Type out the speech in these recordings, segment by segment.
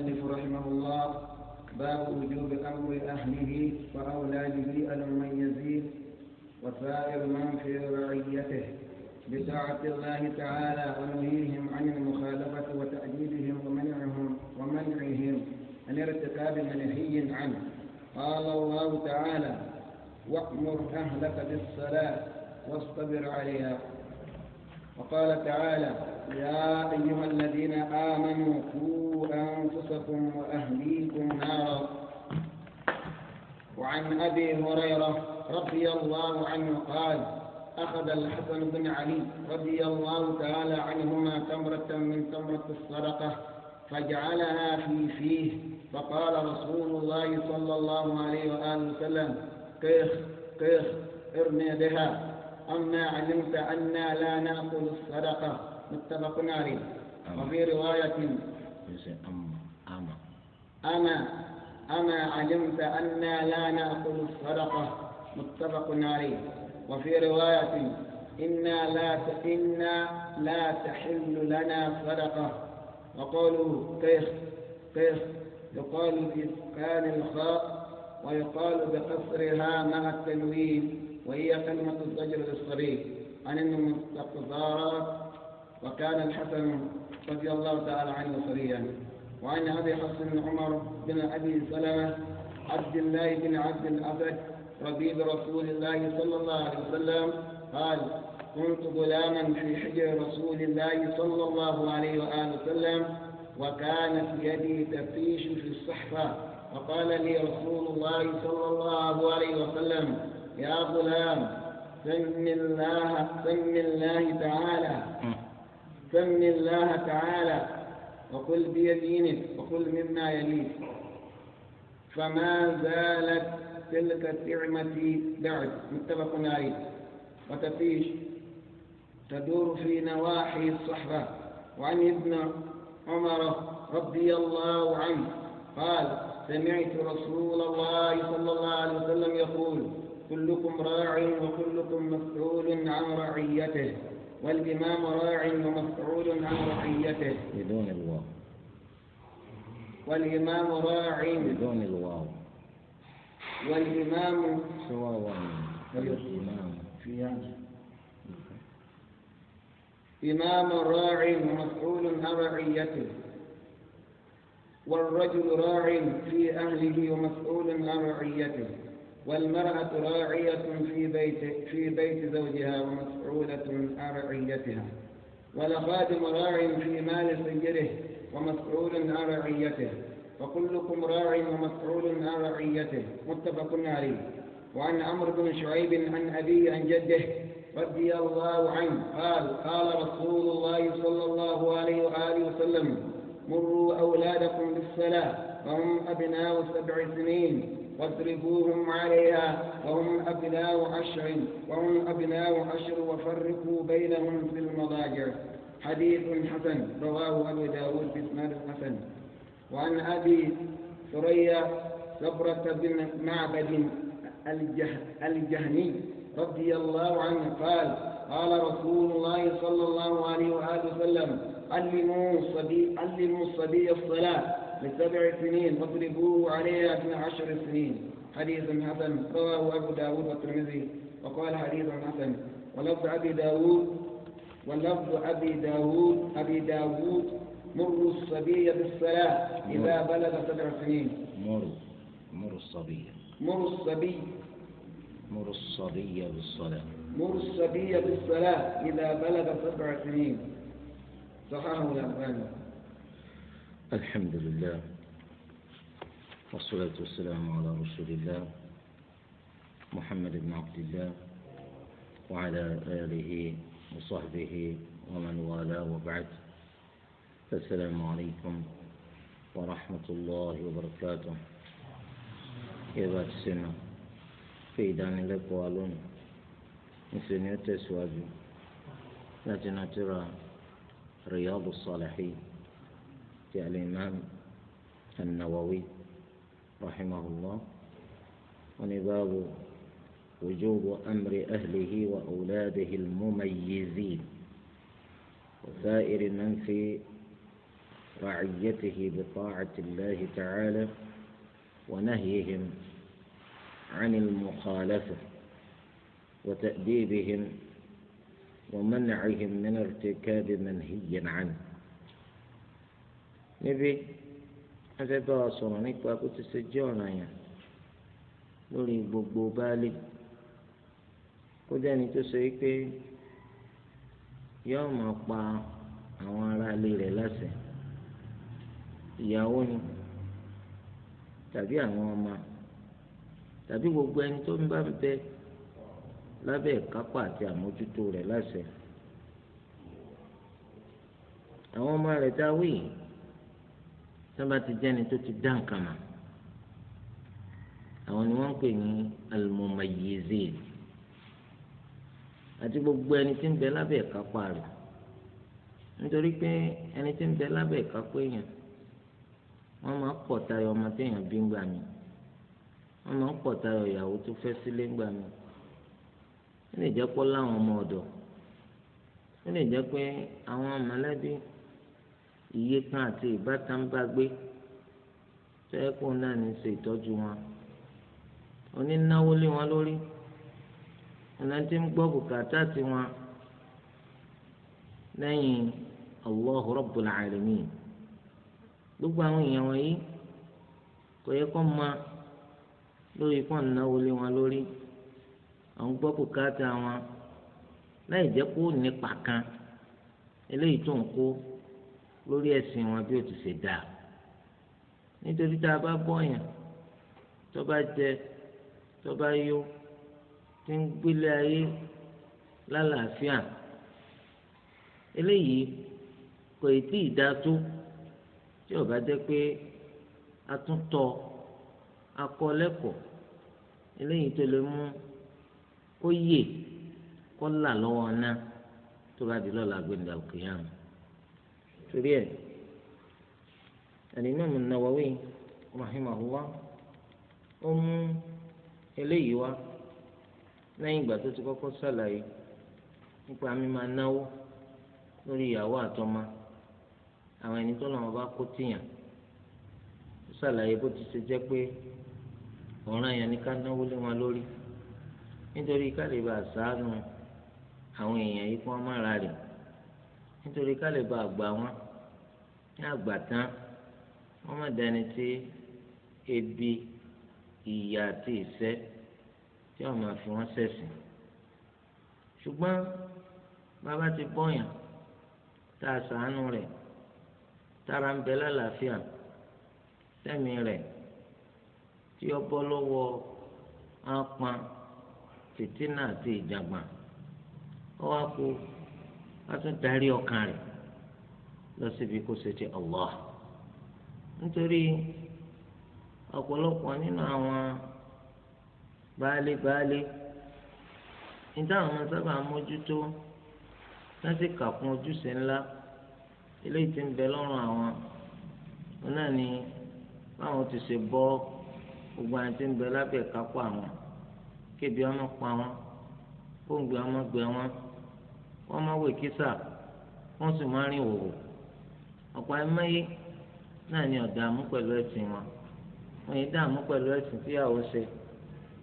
المؤلف رحمه الله باب وجوب أمر أهله وأولاده المميزين وسائر من في رعيته بطاعة الله تعالى ونهيهم عن المخالفة وتأديبهم ومنعهم ومنعهم عن ارتكاب منهي عنه قال الله تعالى وأمر أهلك بالصلاة واصطبر عليها وقال تعالى يا أيها الذين آمنوا قوا أنفسكم وأهليكم نارا وعن أبي هريرة رضي الله عنه قال أخذ الحسن بن علي رضي الله تعالى عنهما تمرة من تمرة الصدقة فجعلها في فيه فقال رسول الله صلى الله عليه وآله وسلم كيخ كيخ ارمي بها أما علمت أنا لا نأكل الصدقة متفق عليه وفي رواية أما أما أما علمت أنا لا نأكل الصدقة متفق عليه وفي رواية إنا لا إنا لا تحل لنا صدقة وقالوا كيف كيف يقال بإسكان الخاء ويقال بقصرها مع التنوين وهي كلمة الزجر للصبي عن المستقذار وكان الحسن رضي الله تعالى عنه صبيا وعن أبي حسن بن عمر بن أبي سلمة عبد الله بن عبد الأسد ربيب رسول الله صلى الله عليه وسلم قال كنت غلاما في حجر رسول الله صلى الله عليه وآله وسلم وكانت يدي تفتيش في الصحفة فقال لي رسول الله صلى الله عليه وسلم يا غلام سم الله سم الله تعالى سم الله تعالى وقل بيمينك وقل مما يليك فما زالت تلك النعمة بعد متفق عليه وتفيش تدور في نواحي الصحراء وعن ابن عمر رضي الله عنه قال سمعت رسول الله صلى الله عليه وسلم يقول كلكم راع وكلكم مسؤول عن رعيته والإمام راع ومسؤول عن رعيته بدون الواو والإمام راع بدون الواو والإمام سواء والإمام في إمام راع ومسؤول عن رعيته والرجل راع في أهله ومسؤول عن رعيته والمرأة راعية في بيت, في بيت زوجها ومسعولة عن رعيتها والخادم راع في مال سيره ومسعول عن رعيته وكلكم راع ومسعول عن رعيته متفق عليه وعن عمرو بن شعيب عن أبي عن جده رضي الله عنه قال قال رسول الله صلى الله عليه وآله وسلم مروا أولادكم بالصلاة وهم أبناء سبع سنين واضربوهم عليها وهم أبناء عشر وهم أبناء عشر وفرقوا بينهم في المضاجع حديث حسن رواه أبو داود بإسناد حسن وعن أبي ثريا صبرة بن معبد الجهني رضي الله عنه قال قال رسول الله صلى الله عليه وآله وسلم علموا الصبي علموا الصبي الصلاة لسبع سنين واضربوه عليها في عشر سنين حديث حسن رواه أبو داود والترمذي وقال حديث حسن ولفظ أبي داود ولفظ أبي داود أبي داود مروا الصبي بالصلاة إذا بلغ سبع سنين مروا مروا الصبي مروا الصبي مروا الصبي بالصلاة مروا الصبي بالصلاة إذا بلغ سبع سنين صححه الألباني الحمد لله والصلاة والسلام على رسول الله محمد بن عبد الله وعلى آله وصحبه ومن والاه وبعد السلام عليكم ورحمة الله وبركاته يبقى السنة في دان لك والون نسني لكن ترى رياض الصالحين في الإمام النووي رحمه الله باب وجوب أمر أهله وأولاده المميزين وسائر من في رعيته بطاعة الله تعالى ونهيهم عن المخالفة وتأديبهم ومنعهم من ارتكاب منهي عنه níbí wọ́n fẹ́ bá wa sọ̀rọ̀ nípa kó ti ṣe jẹ́ ọ̀ranyàn lórí gbogbo baálé kó jẹ́ni tó ṣe pé yóò máa pa àwọn aráalé rẹ̀ láṣẹ ìyàwó ni tàbí àwọn ọmọ tàbí gbogbo ẹni tó ń bá ń bẹ lábẹ́ ìkápá àti àmójútó rẹ̀ láṣẹ àwọn ọmọ rẹ̀ dáwé yìí sábà ti jẹ́ni tó ti dá nǹkan mọ̀ àwọn ni wọ́n ń pè ní al-mumayyizin àti gbogbo ẹni tí ń bẹ lábẹ́ ìkápá rẹ̀ nítorí pé ẹni tí ń bẹ lábẹ́ ìkápá èèyàn wọ́n máa pọ̀ tayọ ọmọ téèyàn bí ń gbà mí wọ́n máa pọ̀ tayọ ìyàwó tó fẹ́ sílé ń gbà mí ó lè jẹ́ pọ́ láwọn ọmọ ọ̀dọ̀ ó lè jẹ́ pé àwọn mọ̀lẹ́bí iye kan àti ìbátan bá gbé tẹ́kùn náà ní ṣe ìtọ́jú wọn onínáwó lé wọn lórí ọ̀nà tí ń gbọ́ bùkátà sí wọn lẹ́yìn Allahu Rabbul Alamin gbogbo àwọn èèyàn wọ̀nyí kò yẹ kó máa lórí kó náwó lé wọn lórí àwọn gbọ́ bùkátà wọn láì jẹ́ kó nípa kan eléyìí tó ń kó lórí ẹ̀sìn wọn bí ó ti ṣe dáa nítorí tá a bá bọ̀yàn tó bá jẹ tó bá yó tí ń gbélé ayé lálàáfíà eléyìí kò ì tí ì dá tó tí ò bá jẹ́ pé a tún tọ́ akọ lẹ́kọ̀ọ́ eléyìí tó lè mú kó yè kó là lọ́wọ́ náà tó bá di lọ́la gbẹ̀ndà òkè yàrá torí ẹ̀ Al-Imam nawawi rahimahullah ó mú eléyìí wá lẹ́yìn ìgbà tó ti kọ́kọ́ ṣàlàyé nípa mímáa náwó lórí ìyàwó àtọmọ àwọn ẹni tó lọ́wọ́ bá kó tìyàn ó ṣàlàyé bó ti ṣe jẹ́ pé ọ̀ràn yẹn ni ká náwó lé wọn lórí nítorí ká lè bá àṣàánú àwọn èèyàn yìí kí wọ́n má ra rè nítorí ká lè bá àgbà wọn ní àgbàtán wọ́n má dẹni tí ebi ìyà àti ìṣẹ́ tí wọ́n máa fi wọ́n ṣẹ̀sìn ṣùgbọ́n bàbá ti bọ́yàn tá a ṣàánú rẹ̀ tára ń bẹ lálàáfíà sẹ́mi rẹ̀ tí ó bọ́ lọ́wọ́ ápọn fìtínà àti ìjàgbọ̀n ó wá kó a tún darí ọkàn rẹ̀ lọ síbi kó ṣe ti Allah nítorí ọ̀pọ̀lọpọ̀ nínú àwọn baálé baálé níta àwọn sábà mójútó láti kàkún ojúṣe ńlá eléyìí ti ń bẹ lọ́rùn àwọn wọn náà ni báwọn ti ṣe bọ́ gbogbo àwọn tí ń bẹ lábẹ́ kápọ̀ àwọn kébi ọmọ pa wọn kóńgbé ọmọ gbẹ ọ̀pọ̀ ẹ̀mẹ́yé náà ni ọ̀dààmú pẹ̀lú ẹ̀sìn wọn wọ́n yìí dààmú pẹ̀lú ẹ̀sìn tíyàwó ṣe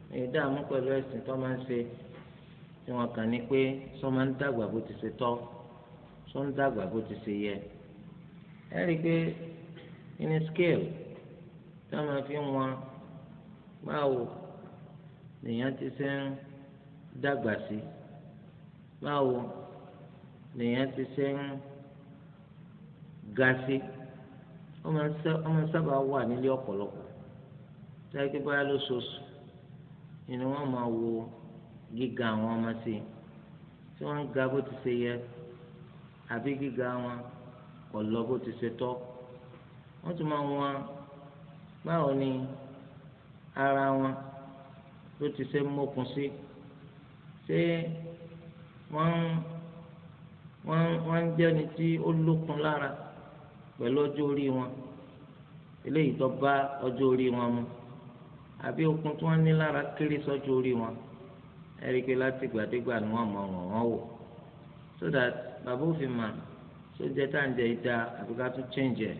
wọ́n yìí dààmú pẹ̀lú ẹ̀sìn tó máa ń ṣe tí wọ́n kàn ní pé sọ máa ń dàgbà bó ti ṣe tọ́ sọ ń dàgbà bó ti ṣe yẹ ẹ rí i pé ní scale tí wọ́n máa fi ń wọn báwo lèèyàn ti ṣe ń dàgbà sí báwo lèèyàn ti ṣe ń. Gasi, sí ọmọ sábà wà nílé ọ̀pọ̀lọpọ̀ táyé pé báyà lóṣooṣù ni wọ́n máa wo gíga àwọn ọmọ sí i tí wọ́n ń ga bó ti ṣe yẹ àbí gíga wọn kò lọ bó ti ṣe tọ́ wọ́n tún máa wọn báwo ni ara wọn ló ti ṣe mókun sí ṣé wọ́n wọ́n wọ́n tí ó lókun lára pẹ̀lú ọjọ́ orí wọn eléyìí tó bá ọjọ́ orí wọn mu àbí okun tí wọ́n ní lára kéré sọ́jọ́ orí wọn ẹ̀rí pé láti gbàdégbà ni wọ́n mọ̀ ọ̀ràn wọn wò so that bàbá òfin mà sójẹ́ tá ìdá àbí ká tún change ẹ̀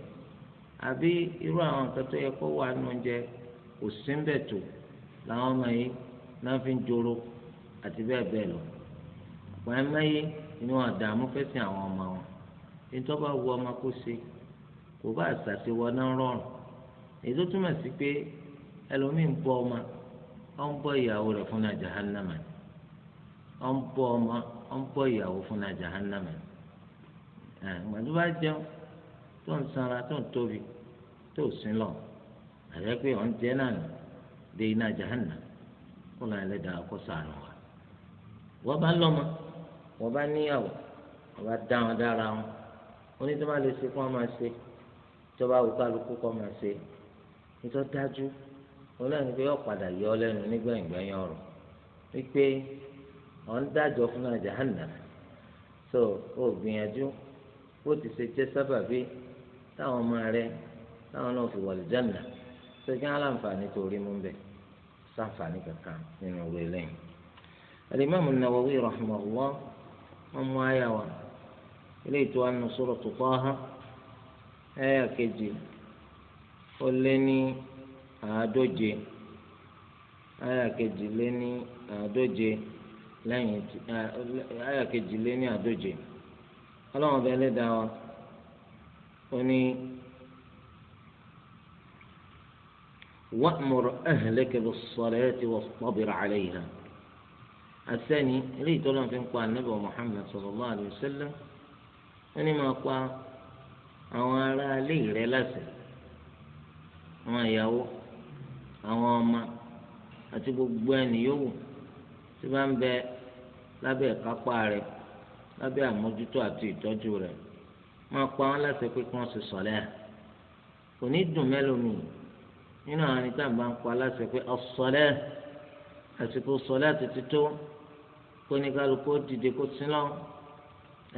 àbí irú àwọn nǹkan tó yẹ kó wà nù oúnjẹ kò sí ń bẹ̀ tó làwọn ọmọ yìí náà fi ń joro àti bẹ́ẹ̀ bẹ́ẹ̀ lọ pẹ̀lú ẹ̀mẹ́yìí ni wọ́n fẹ́ sin àwọn ọmọ wọn ní tó bá ọmọ kó ṣe kò bá àṣàṣewọ náà rọrùn èyí tó túmọ̀ sí pé ẹlòmíín bọ́ ọmọ ọ ń bọ́ ìyàwó rẹ̀ fún jahannama ni ọ ń bọ́ ọmọ ọ ń bọ́ ìyàwó fún ni bá tó ń sanra tó ń tóbi tó pé ọ̀n náà nù dé iná kó kó wa wọ́n bá lọ́mọ wọ́n bá níyàwó wọ́n bá dáhùn dára wọn ìjọba wò kálukú kọ́ máa ṣe nítorí dájú wọn lẹ́nu pé yóò padà yọ lẹ́nu nígbẹ̀yìngbẹ̀yìn ọ̀rọ̀ wípé wọn dájọ́ fún Jahannam so ó gbìyànjú bó ti ṣe jẹ́ sábàbí táwọn ọmọ rẹ táwọn náà fi wọlé Jannah ṣe kí wọn láǹfààní tó rí mú bẹ sáǹfààní kankan nínú ìwé lẹ́yìn. al nawawi rahimahullah wọn mú àyà wa ilé ìtura nù Suratu Taha. ẹlẹ́ẹ̀kejì ó lé ní àádóje ẹlẹ́ẹ̀kejì lé ní àádóje lẹ́yìn ẹlẹ́ẹ̀kejì lé ní àádóje ọlọ́run bẹ́ẹ̀ lé dáa ó ní. وأمر أهلك بالصلاة واصطبر عليها الثاني ليه تقول في النبي محمد صلى الله عليه وسلم àwọn ará ilé rẹ láṣẹ àwọn ìyàwó àwọn ọmọ àti gbogbo ẹni yòówù tí bá ń bẹ lábẹ́ ìkápá rẹ lábẹ́ àmójútó àti ìtọ́jú rẹ máa pa wọn láṣẹ pé kí wọ́n ṣe sọ̀lẹ́ à kò ní dùn mẹ́lòmí nínú àwọn ẹni tá à ń bá ń pa láṣẹ pé ọ̀sọ̀lẹ́ àsìkò sọ̀lẹ́ àti tító kó dìde kó sílọ̀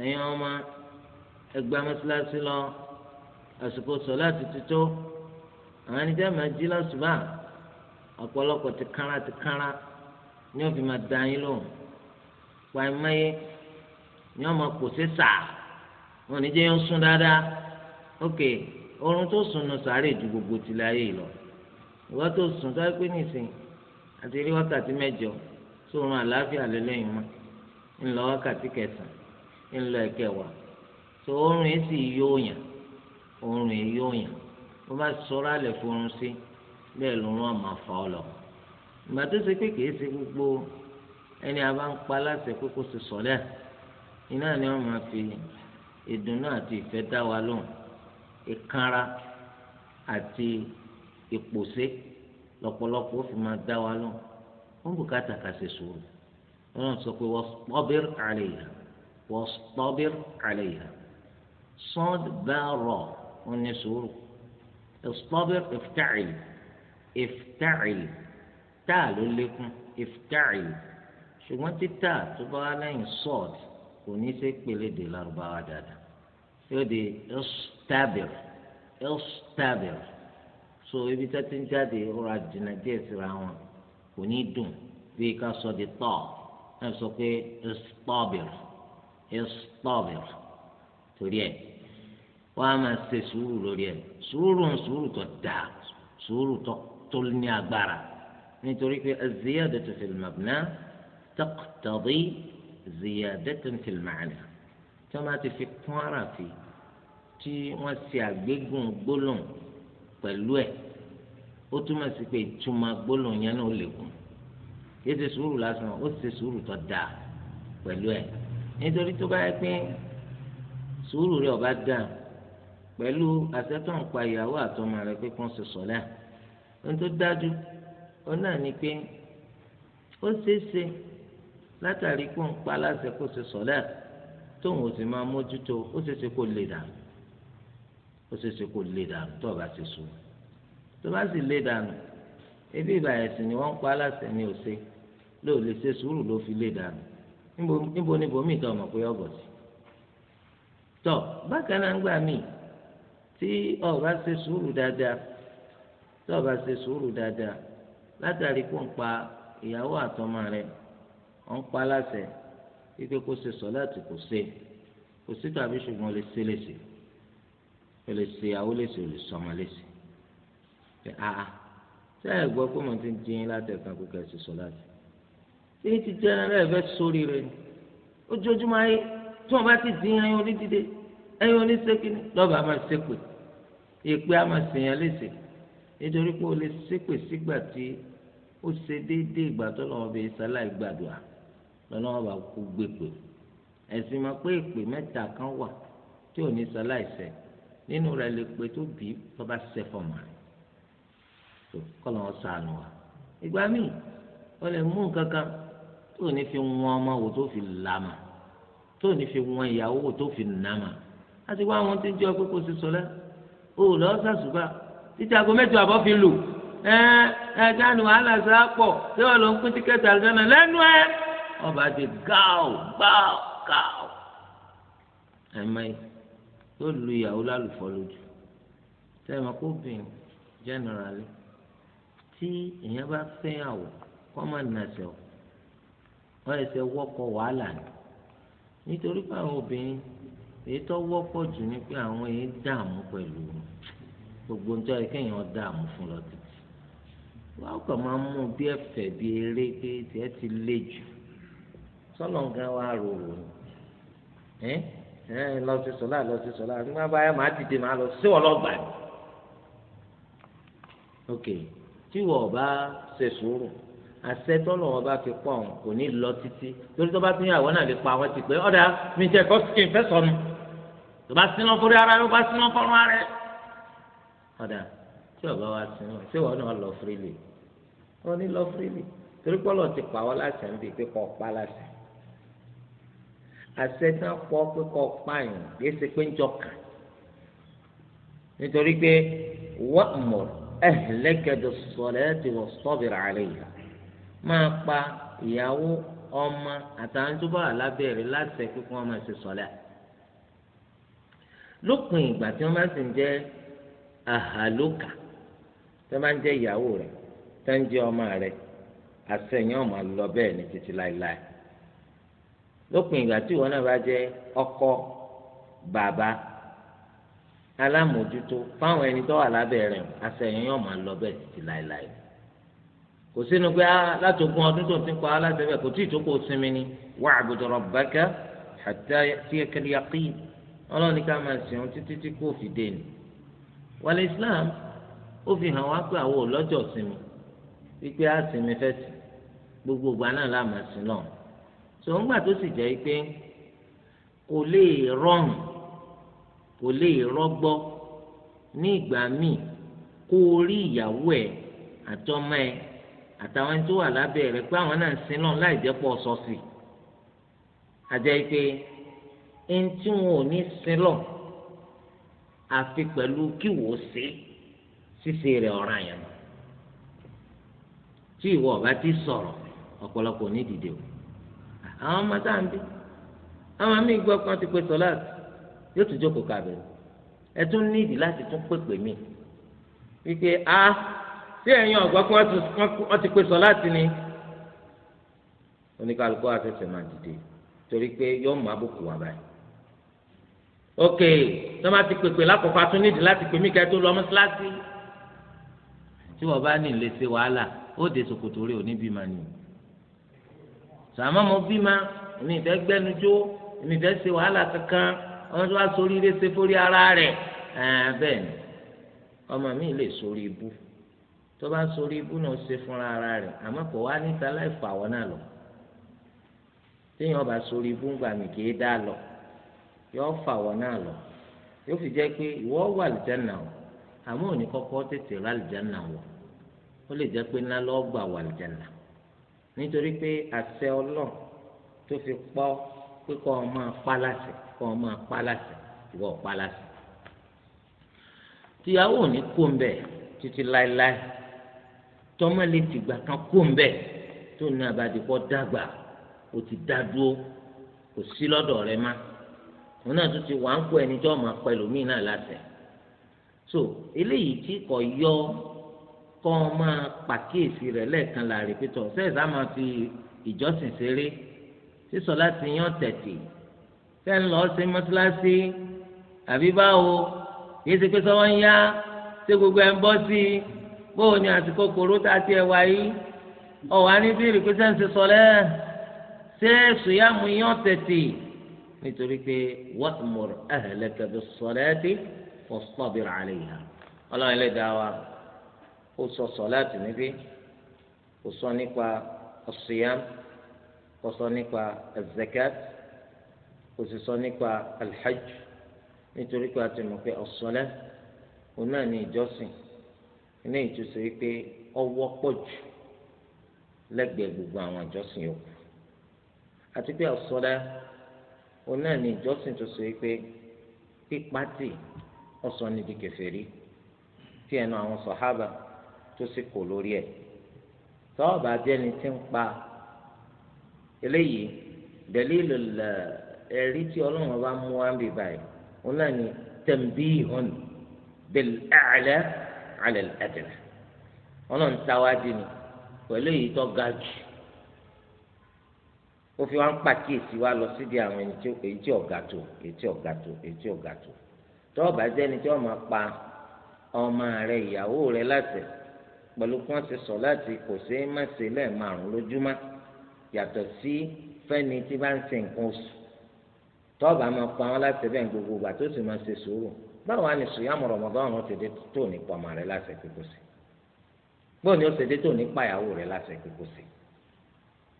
ẹ̀yin ọmọ ẹgbà mọ́sálásí lọ àsìkò sọ̀lá ti ti tó àwọn ẹni tí a máa jí lásùbà ọ̀pọ̀lọpọ̀ ti kára ti kára ní òfin máa da yín lóhùn pàìmọ́yé ní ọmọ kò sí sàá wọn ò ní jẹ́ yín sún dáadáa ókè oorun tó sùn nù sàárè ju gbogbo tìlẹ̀ ayé lọ ìwọ tó sùn tó pé nìsín àti rí wákàtí mẹ́jọ sóorun àlàáfíà lélẹ́yìn mọ́ ńlọ wákàtí kẹsàn-án ńlọ ẹ̀kẹwàá tó oorun yìí sì yóò yàn oorun yìí yóò yàn wọ́n bá sọ̀rọ̀ alẹ́ fọrun sí bẹ́ẹ̀ ló rán àmà fà ọ́ lọ. ìgbà tó ṣe pé kìí ṣe gbogbo ẹni a bá ń pa láṣẹ pé kó ṣe sọ̀lẹ́ iná ni wọ́n máa fi ìdùnnú àti ìfẹ́ dá wa lóhùn ìkanra àti ìpòsé lọ́pọ̀lọpọ̀ ó fi máa dá wa lóhùn wọ́n bùkátà ká ṣe sùúrù wọ́n sọ pé wastabir alayha wastabir alayha. صدبر òní sùúrù istabir ifta'il ifta'il táà ló lékún ifta'il ṣùgbọ́n títà tó bá wá lẹ́yìn sọ́ọ̀d kò ní í ṣe pèlè dè lárúbáwá dáadáa yóò di istabir istabir so ibi tá ti ń jáde rọra jìnnà díẹ̀ síra wọn kò ní dùn bí ká sọ di tọ́ ẹ sọ pé istabir istabir torí ẹ̀ wọ́n á máa ṣe sùúrù lórí ẹ̀ sùúrù ń sùúrù tó dáa sùúrù tó ní agbára nítorí pé az-ziyadatu fil mabna taqtadi ziyadatan fil ma'na tí wọ́n bá ti fi kún àràfi tí wọ́n ṣe àgbégùn gbólóhùn pẹ̀lú ẹ̀ ó túmọ̀ sí pé ìtumọ̀ gbólóhùn yẹn náà lè gùn yé ṣe sùúrù lásán ó ṣe sùúrù tó dáa pẹ̀lú ẹ̀ nítorí tó bá yẹ pé sùúrù rẹ̀ ọba dáa pẹ̀lú àtẹ́tọ̀ ń pa ìyàwó àtọmọ rẹ̀ pé kó ń ṣe sọ̀lá ohun tó dájú ó náà ni pé ó ṣeéṣe látàrí kó ń pa aláṣẹ kó ṣe sọ̀lá tóun ò sì máa mójútó ó ṣeéṣe kó lè dànù ó ṣeéṣe kó lè dànù tó o bá ti sùn tó o bá sì lè dànù ebi ìbàyẹ̀sì ni wọ́n ń pa aláṣẹ ni ò ṣe ló lè ṣe sùúrù ló fi lè dànù níbo níbo níbo míì tó ọmọ pé ọgọ̀ sí tọ bákan náà ń gbà míì tí o bá ṣe sùúrù dáadáa tí o bá ṣe sùúrù dáadáa látàrí kó ń pa ìyàwó àtọmọ rẹ̀ ọ ń pa láṣẹ wípé kó ṣe sọláàtì kò ṣe kò sí tàbí ṣùgbọ́n o lè ṣe léṣe o lè ṣe ìyàwó léṣe o lè sọmọ léṣe pé aa ṣé ẹ gbọ́ pé mo ti ń dín láti ẹ̀ka kó kẹ́ ẹ ṣe sọláàtì ṣé ti jẹ́ ẹ fẹ́ sórí rẹ̀ ojoojúmọ́ ayé tí wọ́n bá ti dín ẹyin onídìde ẹyin oníṣẹ́kìnní lọ́ba máa ṣépè èpè á máa ṣèyàn léṣe nítorí pé o lè ṣépè sígbà tí ó ṣe déédéé ìgbà tó lọ́wọ́ bẹ sáláì gbàdúrà lọ́wọ́ bá kú gbèpè ẹ̀sìn máa pé èpè mẹ́ta kan wà tí ò ní sáláì sẹ́ nínú rẹ̀ lè pè tó bí tó bá ṣẹ́ fọmọ rẹ̀ tó kọ́ lọ́wọ́ sànù wa ìgbà míì o lè mú nǹkan kan tó ní fi wọn ọmọ wò tó fi làmà tó ní fi wọn ìyàwó wò tó fi nàmà àti wá àwọn tí ń jẹ́ ọ pé kò sí sọ lẹ́nu o ò lọ sàṣùbà títí aago mẹ́jọ àbọ̀ fi lù ẹ ẹ dánù wàhálà sá pọ̀ tí wọ́n lọ ń pín tíkẹ́tì àlùjáná lẹ́nu ẹ ọba ti gáò gbáò gáò ẹ mẹ́yìn yóò lu ìyàwó lálùfọ́ lójú sẹ́yìn máa kó bìn jẹ́nẹ̀rálì tí èèyàn bá fẹ́ àwọ̀ kọ́ máa nà ẹsẹ̀ ọ̀ wọ́n ẹsẹ̀ wọ́pọ̀ wàhálà ni nítorí pé àwọn obìnrin èyí tó wọ́pọ̀ jù ni pé àwọn èyí dààmú pẹ̀lú wọn gbogbo ń tọ́ ẹ kéèyàn dààmú fún lọ títí wàá kàn máa ń mú bí ẹ̀fẹ̀ bí eré pé tiẹ̀ ti lé jù sọ́nà gan wa rò rò ní ẹ lọ sí sọ́lá lọ sí sọ́lá nígbà báyà máa dìde máa lọ sí ọlọ́gbà ni ok tí wọ́n bá ṣe sùúrù àṣẹ tọ́lọ̀ wọn bá fi pọ̀ kò ní lọ títí torí tó bá tún yàwó náà lè pa àwọn ti pé ọ̀dà mi jẹ́ kọ́sìkì fẹ́ sọnù tó bá sínú fúnra rẹ tó bá sínú fọ́nrán rẹ ọ̀dà tí ọba wa sí náà ṣé wọn náà lọ fúrílì wọn ní lọ fúrílì torí pọ́lọ̀ ti pa ọ́ láṣẹ ń bí pé kọ́ pa láṣẹ àṣẹ náà pọ̀ pé kọ́ pa yìí kìí ṣe pé ń jọ kàn nítorí pé wọ́n mọ̀ ẹ̀hìnlẹ́kẹ̀dọ̀ sọ̀rọ̀ ẹ̀ ti wọ̀ sọ́bìrì àlẹ́ yìí máa pa ìyàwó ọmọ àtàwọn tó bá wà lábẹ́rẹ́ láṣẹ pé kí wọ́n ṣe sọ̀lẹ́ lópin ìgbà tí wọ́n bá sì ń jẹ́ ahàlóka tó bá ń jẹ́ ìyàwó rẹ̀ tó ń jẹ́ ọmọ rẹ̀ àsẹ̀yìn ọmọ lọ bẹ́ẹ̀ ní títí láéláé lópin ìgbà tí ìwọ náà bá jẹ́ ọkọ bàbá alámòjútó fáwọn ẹni tó wà lábẹ́ rẹ̀ àsẹ̀yìn ọmọ lọ bẹ́ẹ̀ títí láéláé kò sínú pé ah, látògùn ọdún tó ti ń pa aláṣẹ bẹ́ẹ̀ kò tí ì tó kó sinmi ni wa'budu rabbaka hatta ya'tiyakal yaqin ọlọ́run ní ká máa sìn ọ́n títí tí kò fi dé ni. wàlẹ̀ islam ó fi hàn wá pé àwọn òlọ́jọ́ sinmi wípé a sinmi fẹ́ sí gbogbo ìgbà náà láàmà sí náà sọ ńgbà tó sì jẹ́ pé kò lè rọrùn kò lè rọgbọ ní ìgbà míì kó o rí ìyàwó ẹ àtọmọ ẹ àtàwọn tó wà lábẹ́ rẹ̀ pé àwọn náà ń sin náà láì jẹ́ pọ̀ sọ́sì àjẹ́ pé ẹni tí wọn ò ní sin lọ́ọ̀ àfi pẹ̀lú kí wò ó se ṣíṣe rẹ̀ ọ̀ràn yẹn mọ́ tí ìwọ ọba ti sọ̀rọ̀ ọ̀pọ̀lọpọ̀ ní dìde o àwọn ọmọ tá à ń bí àwọn àmì ìgbọ́ kan ti pe sọ́láàtì yóò tún jókòó kábẹ́rẹ́ ẹ tún nídìí láti tún pèpè mí wípé a tí ẹ̀yin ọ̀gbọ́n kí wọ́n ti pe sọ́láàtì ni oníkàlùkọ́ àfẹsẹ̀ máa dìde torí pé yóò mú abùkù wà báyìí ok tọ́ba ti pèpè lákòókò atúnídìí láti pèmí kẹ́ẹ́ tó lọ mọ́sálásí tí wọ́n bá ní ilé ṣe wàhálà ó de ṣòkòtò rẹ̀ ò ní bímọ ni sàmọ́ mo bímọ èmi ìfẹ́ gbẹ́nujó èmi ìfẹ́ ṣe wàhálà kankan wọ́n tó wá sórí ilé ṣe fórí ara rẹ̀ bẹ́ẹ̀ ni ọmọ mi lè sórí ibú tọ́ba sórí ibú náà ṣe fúnra ara rẹ̀ àmọ́ kò wá níta láì fà wọ́n náà lọ lọ yóò fà wọ́n náà lọ yóò fi jẹ́ pé ìwọ wà lìjánà o àmọ́ òní kọ́kọ́ tètè rà lìjánà wọ̀ ó lè jẹ́ pé ná lọ́ọ́ gbà wà lìjánà nítorí pé àṣẹ ọlọ́ọ̀ tó fi pọ́ pé kọ́ ọ máa pálásì kọ́ ọ máa pálásì ìwọ pálásì tìyàwó òní kó ń bẹ̀ títí láéláé tọ́mọ lè tìgbà kan kó ń bẹ̀ tó ní abadìpọ̀ dàgbà ó ti dá dúró kò sí lọ́dọ̀ rẹ máa òun náà tún ti wà ń kó ẹni tó máa pẹ lómìn náà láṣẹ so eléyìí tí kò yọ kọ́ máa pàkíyèsí rẹ̀ lẹ́ẹ̀kan láàrin pétọ́ sẹ́ẹ̀sì á máa fi ìjọsìn ṣeré sísọ láti yan tẹ̀tì sẹ́ẹ̀ ń lọ sí mọ́tíláṣí àbí báwo kì í ṣe pé sọ́wọ́ ń yá ṣé gbogbo ẹ̀ ń bọ́ sí bóò ni àsìkò kòró tá a ti ẹ̀ wá yìí ọ̀wá níbí rìpẹ́sẹ̀ ń ṣe sọ lẹ́ẹ̀ ṣé sùyàmù yan tẹ̀tì nítorí pé wàhùmùr ahlaka bis-salati wastabir 'alayha ọlọ́run ẹlẹ́dàá wa ó sọ sọ̀láàtì níbí ó sọ nípa as-siyam ó sọ nípa az-zakat ó sì sọ nípa al-hajj nítorí pé a ti mọ̀ pé as òun náà ní ìjọsìn ní ìtúsọ wípé ọwọ́ pọ̀ jù lẹ́gbẹ̀ẹ́ gbogbo àwọn ìjọsìn yòókù àti pé as òun náà ní ìjọsìn tó so pé pípa tì ọsọ ní di kèfèrí tí ẹnu àwọn sọhábà tó sì kò lórí ẹ tọ́ọ̀bà jẹ́ni tí ń pa eléyìí dẹ̀lílù ẹ̀rí tí ọlọ́run bá mú wá ń báyìí òun náà ní tanbihun bil a'la 'ala al-adna ọlọ́run táwájú ni pẹ̀lú èyí tó ga jù ó fi wá ń pàkíyèsí wa lọ síbi àwọn èyí tí ọ̀gá tó èyí tí ọ̀gá tó èyí tí ọ̀gá tó tó ọ̀bà jẹ́ni tí wọ́n máa pa ọmọ rẹ ìyàwó rẹ láti pẹ̀lú kí wọ́n ti sọ láti kò sí má ṣe lẹ́ẹ̀márùn lójúmọ́ yàtọ̀ sí fẹ́ni tí bá ń ṣe nǹkan oṣù tó ọ̀bà máa pa wọn láti bẹ́ẹ̀ gbogbo ìgbà tó sì máa ṣe sùúrù báwo wá ní sùyàmù rọ̀mọ́dọ́ ó ti dé tó nípa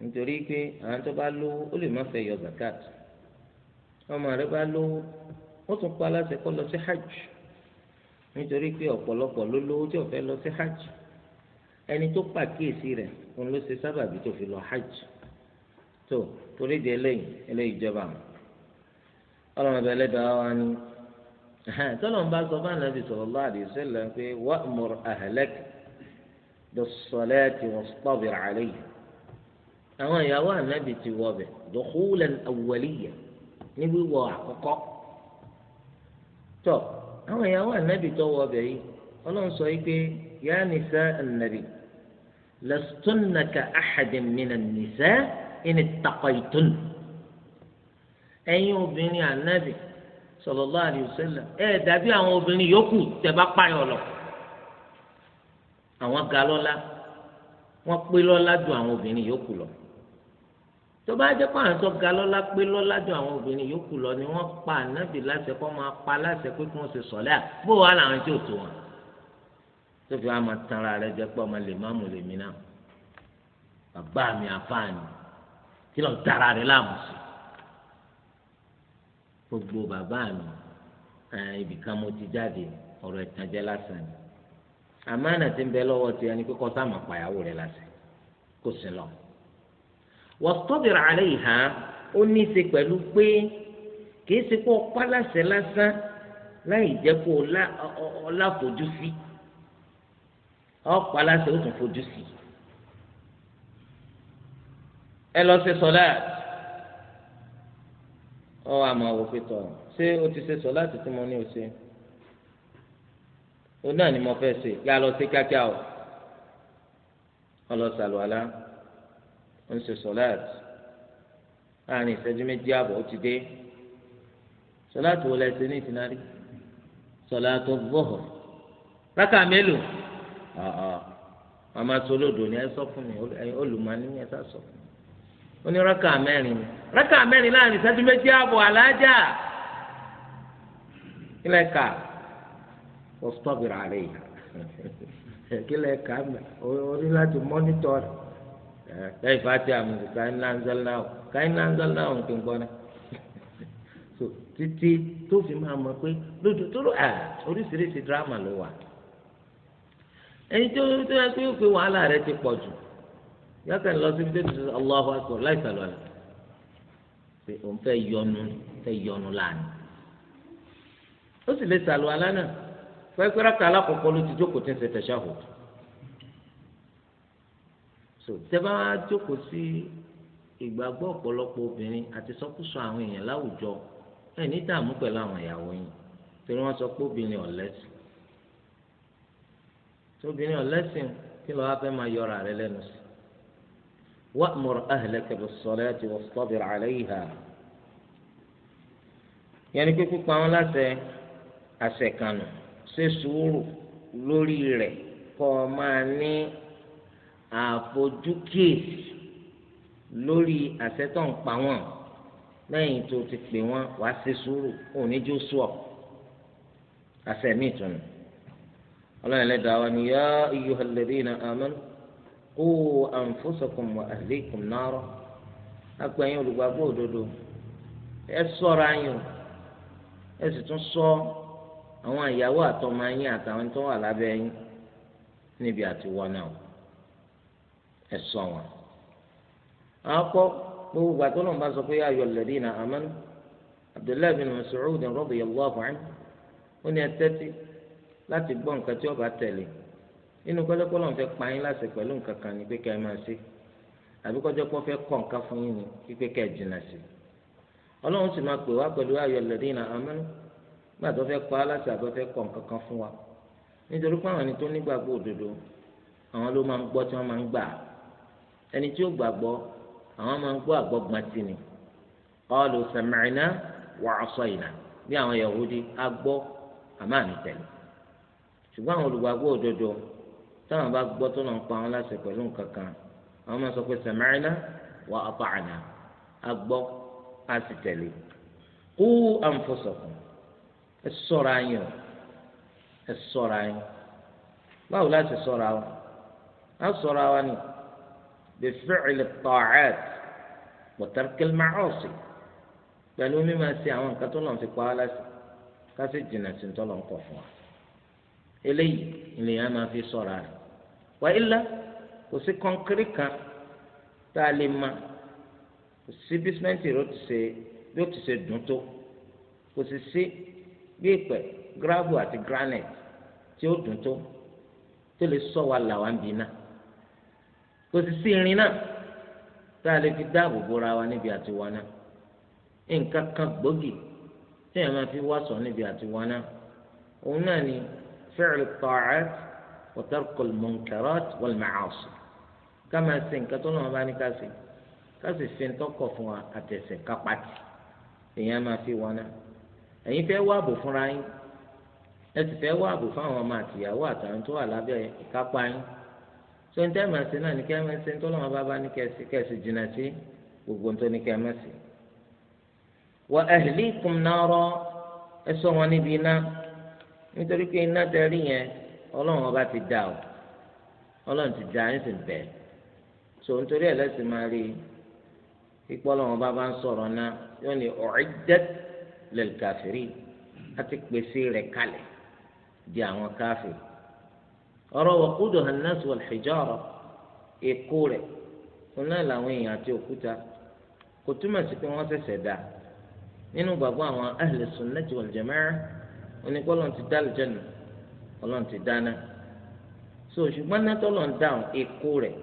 nítorí pé àwọn tó bá lówó ó lè má fẹ́ yọ zakat ọmọ rẹ bá lówó ó tún pa aláṣẹ kó lọ sí hajj nítorí pé ọ̀pọ̀lọpọ̀ ló lówó tí ò fẹ́ lọ sí hajj ẹni tó pàkíyèsí rẹ̀ òun ló ṣe sábàbí tó fi lọ hajj tó torí di eléyìí eléyìí jọba àwọn ọlọ́run ọba ẹlẹ́dàá wa ni tọ́lọ́run bá sọ fáwọn nàbì sallallahu alaihi wasallam pé wa'mur ahlaka bis-salati wastabir alayha àwọn ìyàwó ànábì ti wọbẹ̀ dukhulan awwaliyya ní wíwọ àkọ́kọ́ tó àwọn ìyàwó ànábì tó wọbẹ̀ yìí ọlọ́run sọ yìí pé ya nisa an-nabi lastunna ka ahadin minan nisa in ittaqaytun ẹ̀yin obìnrin ànábì sallallahu alayhi ẹ dàbí àwọn obìnrin yòókù tẹ́ bá lọ àwọn ga lọ́lá wọ́n pé ju àwọn obìnrin yòókù lọ tó bá jẹ́ pé àwọn tó ga lọ́lá pé lọ́lá ju àwọn obìnrin yòókù lọ ni wọ́n pa ànábì láṣẹ kó máa pa láṣẹ pé kí wọ́n ṣe sọ̀lẹ́ à bó wàá làwọn tí ò tó wọn. tó fi wá máa tanra rẹ jẹ pé ọmọ lè má mú lèmi náà bàbá mi àfáàní kí lọ́n tara rẹ láàmú sí. gbogbo bàbá mi ibìkan mo ti jáde ọ̀rọ̀ ìtànjẹ lásán ni àmọ́ àná ti ń bẹ lọ́wọ́ tiẹ̀ ni pé kọ́ sáà máa rẹ lásán kó sí lọ́wọ́ wastabir alayha ó ní í ṣe pẹ̀lú pé kìí ṣe pé ọpá láṣẹ lásán láì jẹ́ kó ọlá fojú sí ọpá láṣẹ ó tún fojú sí ẹ lọ ṣe sọláàtì ọ àmọ́ àwọn òfin tọ̀ ṣé o ti ṣe sọláàtì tí mo ní o ṣe o náà ni mo fẹ́ ṣe yà lọ sí kíákíá o ọlọ sàlùwàlá ń ṣe sọláàtì láàrin ìṣẹ́jú méjì àbọ̀ ó ti dé sọláàtì wo lẹ ṣe ní ìtìnárí sọláàtì gbọ́họ̀ rákà mélòó màmá tó lòdò ni ẹ sọ fún mi olùmọ̀ọ́ni ẹ sá sọ fún mi ó ní rákà mẹ́rin rákà mẹ́rin láàrin ìṣẹ́jú méjì àbọ̀ àlájà kílẹ̀ ká wọ́n stọ́bìrì àlẹ́ yìí kílẹ̀ ká orí láti mọ́nítọ̀ lẹ́yìn fati àmì káyín ka náà káyín nanzal na so Titi to fi ma mọ̀ pé lójoojúmọ́ à ah, oríṣiríṣi dírámà ló wà ẹni tó tó yẹ kó fi wàhálà rẹ ti pọ̀ jù yàtọ̀ ní lọ síbi tó to sọ Allahu akbar láì sàlọ̀ àlẹ́ pé òun fẹ́ yọnu o si le ó sì lè sàlọ̀ àlẹ́ náà fẹ́ ti jókòó tí ń ṣe so tẹ́bá wá jókòó sí ìgbàgbọ́ ọ̀pọ̀lọpọ̀ obìnrin àti sọ́kúsọ àwọn èèyàn láwùjọ ẹ̀ ní dààmú pẹ̀lú àwọn ìyàwó yìí torí wọ́n sọ pé obìnrin ọ̀lẹ́sìn tóbìnrin ọ̀lẹ́sìn kí ló fẹ́ máa yọra rẹ lẹ́nu sí wa'mur ahlaka bis-salati wastabir 'alayha yẹn ni pé pípa wọn láti àṣẹkànnù ṣe sùúrù lórí rẹ̀ kọ́ máa ní àfojúkèsì lórí àṣetọ̀ ń pa wọ́n lẹ́yìn tó ti pè wọ́n wá sí sùúrù oníjú sùọ́ àṣẹ mi tún ni ọlọ́run lẹ́dàá wa ni yá ayyuhal ladhina amanu qu anfusakum wa ahlikum nara agbẹ̀yìn olùgbàgbọ́ òdodo ẹ ṣọ́ra yín ẹ sì tún ṣọ́ àwọn ìyàwó àtọmọ yín àtàwọn tó wà lábẹ́ yín níbi àtiwọ́ náà ẹ̀sọ́ wọn. akọ gbogbo ìgbà tó lóun bá sọ pé ayọ̀ lẹ́dí na amánú abdullahi bin Mas'ud radiyallahu anhu ó ní ẹtẹ́tí láti gbọ́ nǹkan tí ọba tẹ̀lé inú kọ́lẹ́kọ́ lọ́n fẹ́ pa yín láti pẹ̀lú nǹkan kan ní pé kẹ́ ẹ máa ṣe àbí kọ́jọ́ pọ́ fẹ́ kọ́ nǹkan fún yín ni pípé kẹ́ ẹ jìnnà sí ọlọ́run sì máa pè wá pẹ̀lú ayọ̀ lẹ́dí na amánú gbà tó fẹ́ pa aláṣẹ àbọ̀ fẹ́ kọ́ nǹkan kan fún wa nítorí pé àwọn ẹni tó nígbàgbọ́ òdodo àwọn ló máa ń gbọ́ tí wọ́n máa ń gbà á ẹni tí ó gbàgbọ́ àwọn máa ń gbọ́ àgbọ́gbọ́n sí ni qalu sami'na wa 'asayna àwọn Yahudi á gbọ́ ṣùgbọ́n àwọn olùgbàgbọ́ òdodo táwọn bá gbọ́ tó náà pa wọn láṣẹ pẹ̀lú nǹkan kan àwọn máa sọ pé بفعل الطاعات وترك المعاصي pẹ̀lú mímọ̀ sí àwọn nǹkan tó lọ́n fi pa á lásì ká sì jìnnà sí tó lọ́n kọ̀ fún wa eléyìí ènìyàn máa fi sọ̀rọ̀ rẹ̀ wà ilà kò sí kọ́ńkírì kan tá a lè ma kò sí bísímẹ́ǹtì rẹ̀ bí ó ti ṣe dùn tó kò sì sí bí ìpẹ́ gíráàbù àti granite tí ó dùn tó tó lè sọ wa làwọn bí náà kò sì sí irin náà tá a lè fi dáàbò bora wa níbi àti wa náà nǹkan kan gbòógì tí a máa fi wá sọ níbi àti wa náà òun náà ni fi'l at-ta'at wa tarku al-munkarat wal-ma'asi ká máa ṣe nǹkan tó lọ́wọ́ bá ní ká ṣe ká sì fi tọkọ̀ fún wa àtẹ̀sẹ̀ kápátì èèyàn máa fi wa náà ẹ̀yin fẹ́ wá ààbò fúnra yín ẹ sì fẹ́ wá ààbò fáwọn ọmọ àtìyàwó àtàwọn tó wà lábẹ́ ìkápá yín tó ń tẹ́lẹ̀ màsí náà ní kí ẹ máa ṣe ń tọ́lọ́ wọn bá bá ní kẹsì kẹsì jìnnà sí gbogbo tó ní kí ẹ máa ṣe. wa ahlikum nara ẹ sọ wọn níbi iná nítorí pé iná tẹ̀rí yẹn ọlọ́run ọba ti dà o ọlọ́run ti dà ẹ̀ sì bẹ̀ so nítorí ẹ̀ lẹ́sìn máa rí ipò ọlọ́run bá bá ń sọ̀rọ̀ náà yóò ní u'iddat lil kafirin pèsè rẹ̀ kalẹ̀ di àwọn káfíìn ọ̀rọ̀ wọ̀kúdù hannas wal hijara èkó rẹ̀ fún náà làwọn èèyàn àti òkúta kò túmọ̀ sí pé wọ́n ṣẹ̀ṣẹ̀ dá nínú gbàgbọ́ àwọn ahli sunnati wal jamaa oníkọ́lọ́n ti dá lùjẹ́nu ọlọ́n ti dáná so ṣùgbọ́n nátọ́ lọ́n dáhùn èkó rẹ̀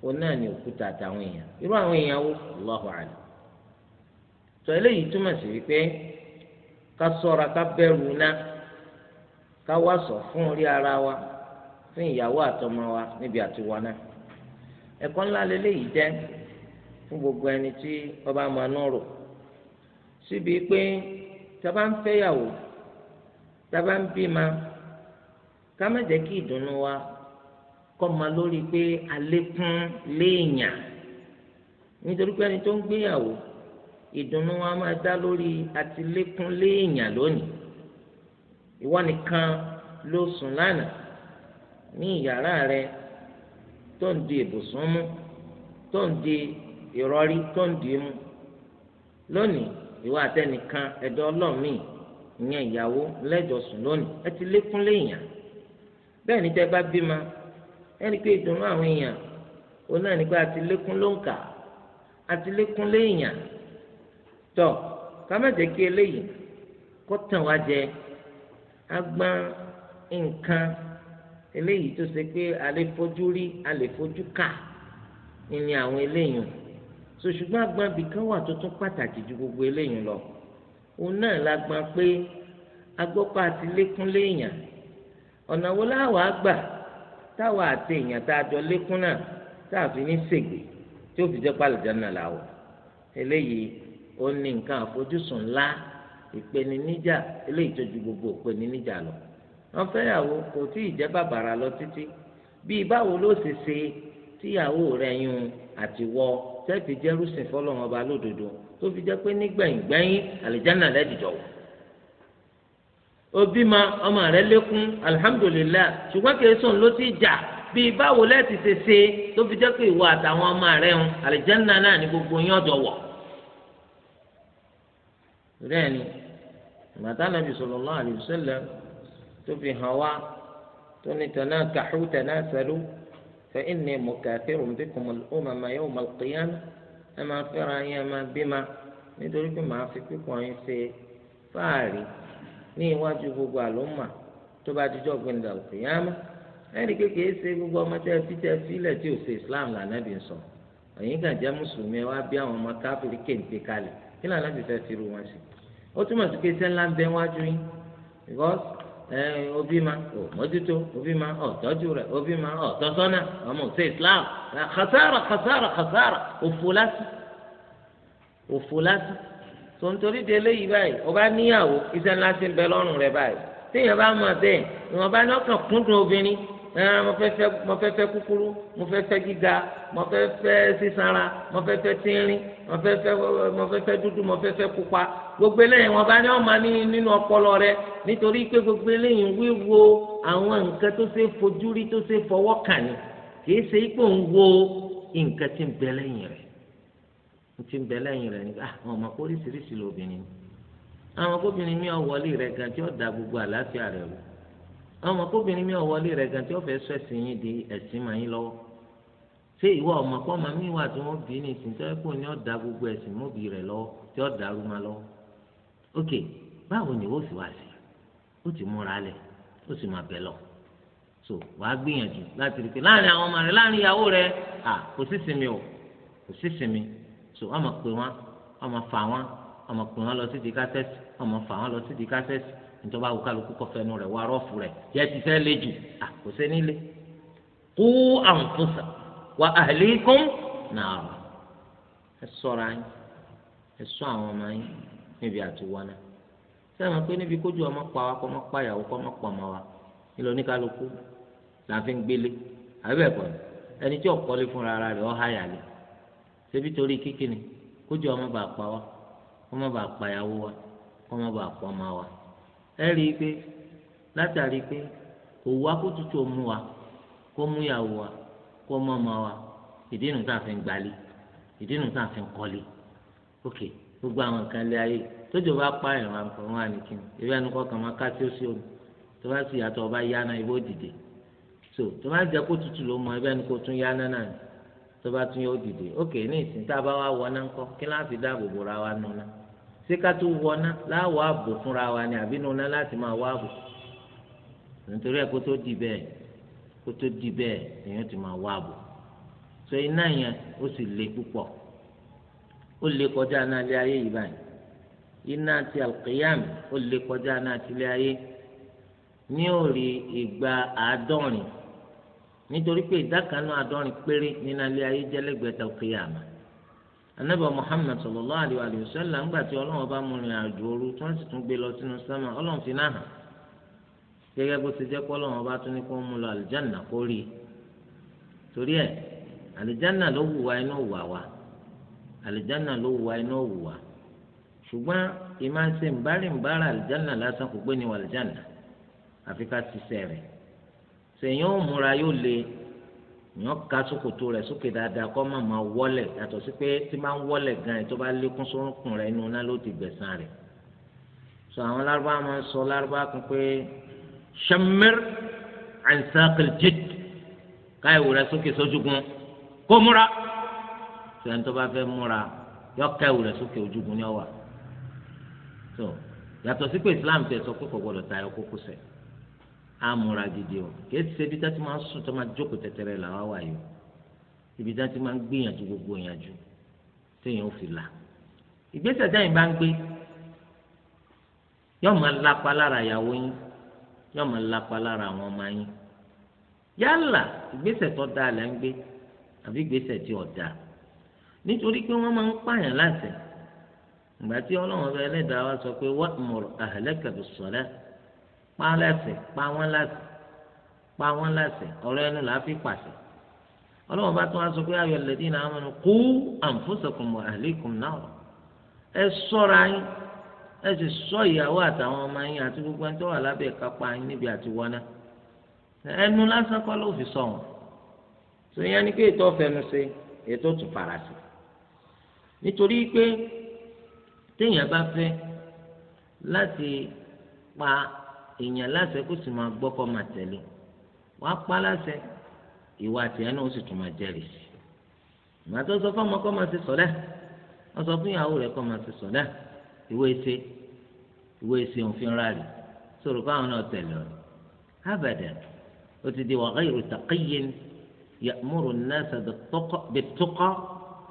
fún náà òkúta àtàwọn èèyàn irú àwọn èèyàn wo Allahu a'lam tọ́ eléyìí túmọ̀ sí wípé ká sọ́ra ká bẹ̀rù náà ká wá sọ fún orí ara wa fún ìyàwó àtọmọ wa níbi àtiwá náà ẹ̀kọ́ ńlá lélẹ́yìí jẹ́ fún gbogbo ẹni tí ọba máa ń rò síbi pé tábà ń fẹ́yàwó tábà ń bímọ ká má jẹ́ kí ìdùnnú wa kọ́ ma lórí pé alékún léèyàn nítorí pé ẹni tó ń gbéyàwó ìdùnnú wa máa dá lórí àtilékún léèyàn lónìí ìwọ nìkan ló sùn lánàá ní ìyàrá rẹ tó ń di ibùsùn mú tó ń di ìrọ̀rí tó ń di mú lónìí iwa àtẹnìkan ẹ̀dọ́ ọlọ́mìn ìyẹn ìyàwó lẹ́jọ̀sùn lónìí ẹ ti lékún léèyàn bẹ́ẹ̀ ni tẹ́ bá bímọ ẹni pé ìdùnnú àwọn èèyàn òun náà ní pé àti lékún ló ń kà àti lékún léèyàn tọ ká kí eléyìí kó tàn wá jẹ agbọn nǹkan eléyìí tó ṣe pé a lè fojú rí a lè fojú kà ní àwọn eléyìí so ṣùgbọ́n agbábi kan wà tó tún pàtàkì ju gbogbo eléyìí lọ òun náà la gbọ́n pé agbọ́pá àti lékún léèyàn ọ̀nà wo láwàá gbà táwa àti èèyàn tá a jọ lékún náà tá a fi ní ṣègbè tí ó fi jẹ́ pàlùjá náà làwọ̀ eléyìí ó ní nǹkan àfojúsùn ńlá ìpèníjà eléyìí tó ju gbogbo ìpèníjà lọ wọn fẹ́yàwó kò tí ì jẹ́ bàbàrà lọ títí bíi báwo ló ṣe ṣe tíyàwó rẹ̀ yún àti wọ tẹ́ẹ̀fì jẹ́rùsìn fọlọ́wọn ọba lódodo tó fi jẹ́ pé nígbẹ̀yìngbẹ́yìn àlìjánà rẹ̀ dìjọ́ wọ̀ òbí ma ọmọ rẹ̀ lékún alihamudulilayi ṣùgbọ́n kì í sùn ló ti jà bíi báwo lẹ́ẹ̀tì ṣe ṣe tó fi jẹ́ pé ìwọ àtàwọn ọmọ rẹ̀ ń àlìjánà náà ní gbogbo yín ọ̀dọ̀ wọ̀ bẹ́ẹ̀ màtá nàbì sallallahu alaihi tó fi hàn wá tó ní tẹ̀ náà kàḥú tẹ̀ náà sẹ́lú fẹ́ ẹnì mọ̀kàfẹ́rù ń bí kùmọ̀lù ó màmá yóò mọ̀ kéyàn ẹ máa fẹ́ra yín ẹ máa bímá nítorí pé màá fi pípọ̀ yín ṣe fáàrí ní iwájú gbogbo àlùmà tó bá dijọ́ gbẹ̀ndà òkèèyàn ẹnì kékeré ṣe gbogbo ọmọ tẹ́ fi tẹ́ filẹ̀ tí ò ṣe Islam lànàbì sọ ẹ̀yin kan jẹ́ mùsùlùmí ẹ wá bí àwọn ọmọ káfíìrì kéńté kalẹ̀ kí lànàbì fẹ́ fi ru wọn sí ó túmọ̀ sí pé sẹ́ńlá ń bẹ wájú yín because obi ma ò mójútó obi ma ò tọ́jú rẹ̀ obi ma ò tọ́sọ́nà ọmọ òsè islam khasara khasara khasara òfò lásì òfò lásì tó ń torí de eléyìí báyìí ọba níyàwó iṣẹ́ ńlá ti ń bẹ lọ́rùn rẹ̀ báyìí téèyàn bá mọ̀ bẹ́ẹ̀ ìwọ̀n bá ọkàn kúndùn obìnrin ẹn mo fẹ́ fẹ́ mo fẹ́ fẹ́ kúkúrú mo fẹ́ fẹ́ gíga mo fẹ́ fẹ́ sísanra mo fẹ́ fẹ́ tínrín mo fẹ́ fẹ́ mo fẹ́ fẹ́ dúdú mo fẹ́ fẹ́ pupa gbogbo eléyìí wọn bá ní ọmọ ní nínú ọpọlọ rẹ nítorí pé gbogbo eléyìí wíwo àwọn nǹkan tó ṣe fojú rí tó ṣe fọwọ́ kàn ní kìí ṣe ipò ń wo nǹkan tí ń bẹ lẹ́yìn rẹ̀ tí ń bẹ lẹ́yìn rẹ̀ nígbà ah, àwọn ọmọ kórìsìrìsì lóbìnrin àwọn kóbìnrin mi ọ̀ wọlé rẹ̀ gan tí ó da gbogbo àlàáfíà rẹ̀ àwọn ọmọkùnrin mi ọ̀wọ́lé rẹ̀ gan tí wọ́n fẹ́ sọ ẹ̀sìn yín di ẹ̀sìn màá yín lọ́wọ́ ṣé ìwọ ọmọ kọ́ máa mí wà tí wọ́n bí ní ìsìn tó yẹ kó ní ọ̀dà gbogbo ẹ̀sìn mọ́bì rẹ̀ lọ́wọ́ tí ọ̀dà rú ma ok báwo ni wọ́n sì wá sí ó ti múra lẹ̀ ó sì máa bẹ̀ lọ so wàá gbìyànjú láti rí pé láàrin àwọn ọmọ rẹ láàrin ìyàwó rẹ à kò sí sinmi o kò sí sinmi so wọ́n máa pè wọ́n wọ́n máa fà wọ́n wọ́n máa pè wọ́n lọ sí di kásẹ́sì wọ́n fà wọ́n lọ sí di kásẹ́sì nítorí àwọn kálukú kọfẹ́ nu rẹ̀ wá rọ́ọ̀fù rẹ̀ yẹ ti fẹ́ lé jù à kò sẹ́ nílé kú àǹfọ̀sà wà àhìlẹ́kùn nàárọ̀ ẹ sọ̀rọ̀ ayé ẹ sọ àwọn ọmọ ayé níbi àtiwọ́nà sẹ́yìn wọn pé níbi kójú ọmọ pa wa kọ́ ọmọ pa ìyàwó kọ́ ọmọ pa ọmọ wa nílò oníkálukú là ń gbélé àbẹ̀bẹ̀ ẹni tí ọ̀kọ́lé fúnra rẹ̀ ọ̀ háyàlé ṣebí torí kíkíni kójú ọmọ bá pa wa ọmọ bá pa ìyàwó ẹ rí i pé látàrí pé kò wá kó tutù mú wa kó mú ìyàwó wa kó mọ ọmọ wa ìdí nu tá a fi ń gbalé ìdí nu tá a fi ń kọ́lé ok gbogbo àwọn nǹkan lé ayé tójú bá pa ìran àǹfààní wa nìkan ìwé ẹnu kọkàn máa ká sí ó omi tó bá sì yàtọ̀ ọba yáná ibó dìde so tó bá jẹ kó tutù ló mọ ẹbẹ ni kó tún yáná náà ni tó bá tún yóò dìde ok ní ìsìn tá a bá wá wọ náà ńkọ́ kí láti dáàbò bò ra wa nù náà ṣé ká tó wọná láwọ ààbò fúnra wa ni àbí nuna láti máa wá ààbò nítorí ẹ kó tó di bẹ́ẹ̀ kó tó di bẹ́ẹ̀ èèyàn ti máa wá ààbò so iná yẹn ó sì le púpọ̀ ó le kọjá náà lé ayé yìí báyìí iná ti alqiyam ó le kọjá náà ti lé ayé ní òòrì ìgbà àádọ́rin nítorí pé ìdá kan náà àádọ́rin péré nínú alẹ́ ayé jẹ́lẹ́gbẹ̀ẹ́ tàlùkìyàmà anabi muhammed sallallahu alayhi wa alayhi wa sallam ńgbà tí ọlọ́run bá mú rìn àjò òru tí wọ́n sì tún gbé lọ sínú sẹ́mà ọlọ́run fi náà hàn gẹ́gẹ́ bó ti jẹ́ pé ọlọ́run bá tún ní kó mú lọ àlìjáná kó rí i torí ẹ̀ àlìjáná ló wù wá iná wù wá àlìjáná ló wù wá iná wù wá ṣùgbọ́n ìmáa ń ṣe ńbárìnbára àlìjáná lásán kò gbé ni wà àlìjáná àfi ká ti sẹ́rẹ̀ ṣèyàn ò múra yóò le èèyàn ka sókòtò rẹ̀ sókè dáadáa kọ́ máa máa wọlẹ̀ yàtọ̀ sí pé tí máa ń wọlẹ̀ gan ẹ̀ tó bá lékún sórúnkùn rẹ̀ inú náà ló ti gbẹ̀san rẹ̀ sọ àwọn lárúbá máa ń sọ lárúbá kan pé shamir ansakil jid káyọ̀ rẹ̀ sókè sójúgun kó múra sọ̀rọ̀ tó bá fẹ́ múra yọ káyọ̀ rẹ̀ sókè ojúgun ni ọ wà yàtọ̀ sí pé Islam tẹ̀ sọ pé kò gbọdọ̀ tayọ kókó sẹ́yìn amúra gidi o kìí ṣe ibi tẹ́tí máa ń sùn tó máa jókòó tẹ́tẹ́rẹ́ làwa wà yìí o ibi tẹ́tí máa ń gbìyànjú gbogbo ìyànjú téèyàn ò fi là ìgbésẹ̀ táyìn bá ń gbé yóò máa lápa lára ìyàwó yín yóò máa lápa lára àwọn ọmọ yín yálà ìgbésẹ̀ tó dáa lẹ́ ń gbé àbí ìgbésẹ̀ tí ò dáa nítorí pé wọ́n máa ń pààyàn láṣẹ ìgbà tí ọlọ́run ọba ẹlẹ́dàá wa sọ pé wa'mur ahlaka bis pa á láṣẹ pa wọ́n láṣẹ pa wọ́n láṣẹ ọ̀rọ̀ ẹnu là á fi pàṣẹ ọlọ́wọ́n bá tún wá sọ pé ayọ̀ lẹ́dí náà wọn kú àǹfọ̀sọ̀kùn mọ̀ àlékún náà ẹ ṣọ́ra yín ẹ sì ṣọ́ ìyàwó àtàwọn ọmọ yín àti gbogbo ẹni tó wà lábẹ́ ìkápá yín níbi àti wọná ẹnu lásán kọ́ ló fi sọ wọn tó yẹn ni pé ètò ọ̀fẹ́nu ṣe ètò tún fara nítorí pé téèyàn bá fẹ́ láti pa èèyàn láṣẹ kó sì máa gbọ́ kọ́ máa tẹ̀lé wàá pa láṣẹ ìwà àtìyàn náà ó sì tún máa jẹ́rìí sí i màá tó sọ fún ọmọ kọ́ máa ṣe sọ̀dá wọ́n sọ fún ìyàwó rẹ̀ kọ́ máa ṣe sọ̀dá ìwé ṣe ìwé ṣe òfin ráàlì sọ̀rọ̀ káwọn náà tẹ̀lé ọ̀rẹ́ abàdàn ó ti di wàhálà ìtàkìyìn يأمر الناس بالتقى, بالتقى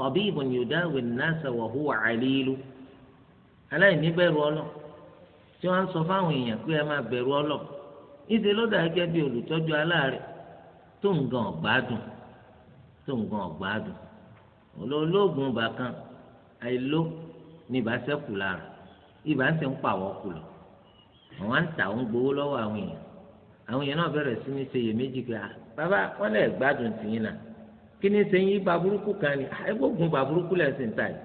طبيب يداوي الناس وهو عليل ألا يبير الله tí wọ́n ń sọ fáwọn èèyàn pé ẹ máa bẹ̀rù ọlọ́ ìdè ló dà gẹ́gẹ́ bí olùtọ́jú aláàárẹ̀ tó ń gan ọ̀gbádùn tó ń gan ọ̀gbádùn olóògùn ibà kan àìló ni ibà ṣẹ́kù lára ibà ń ṣe ń pàwọ́ kù lọ àwọn à ń tà ń gbowó lọ́wọ́ àwọn èèyàn àwọn èèyàn náà bẹ̀rẹ̀ sí ní ṣe iyèméjì pé bàbá wọn lè gbádùn tìyín náà kí ni ṣe yín ibà burúkú kan ni àìgbógun ibà burúkú lẹ̀ sí ń tà yìí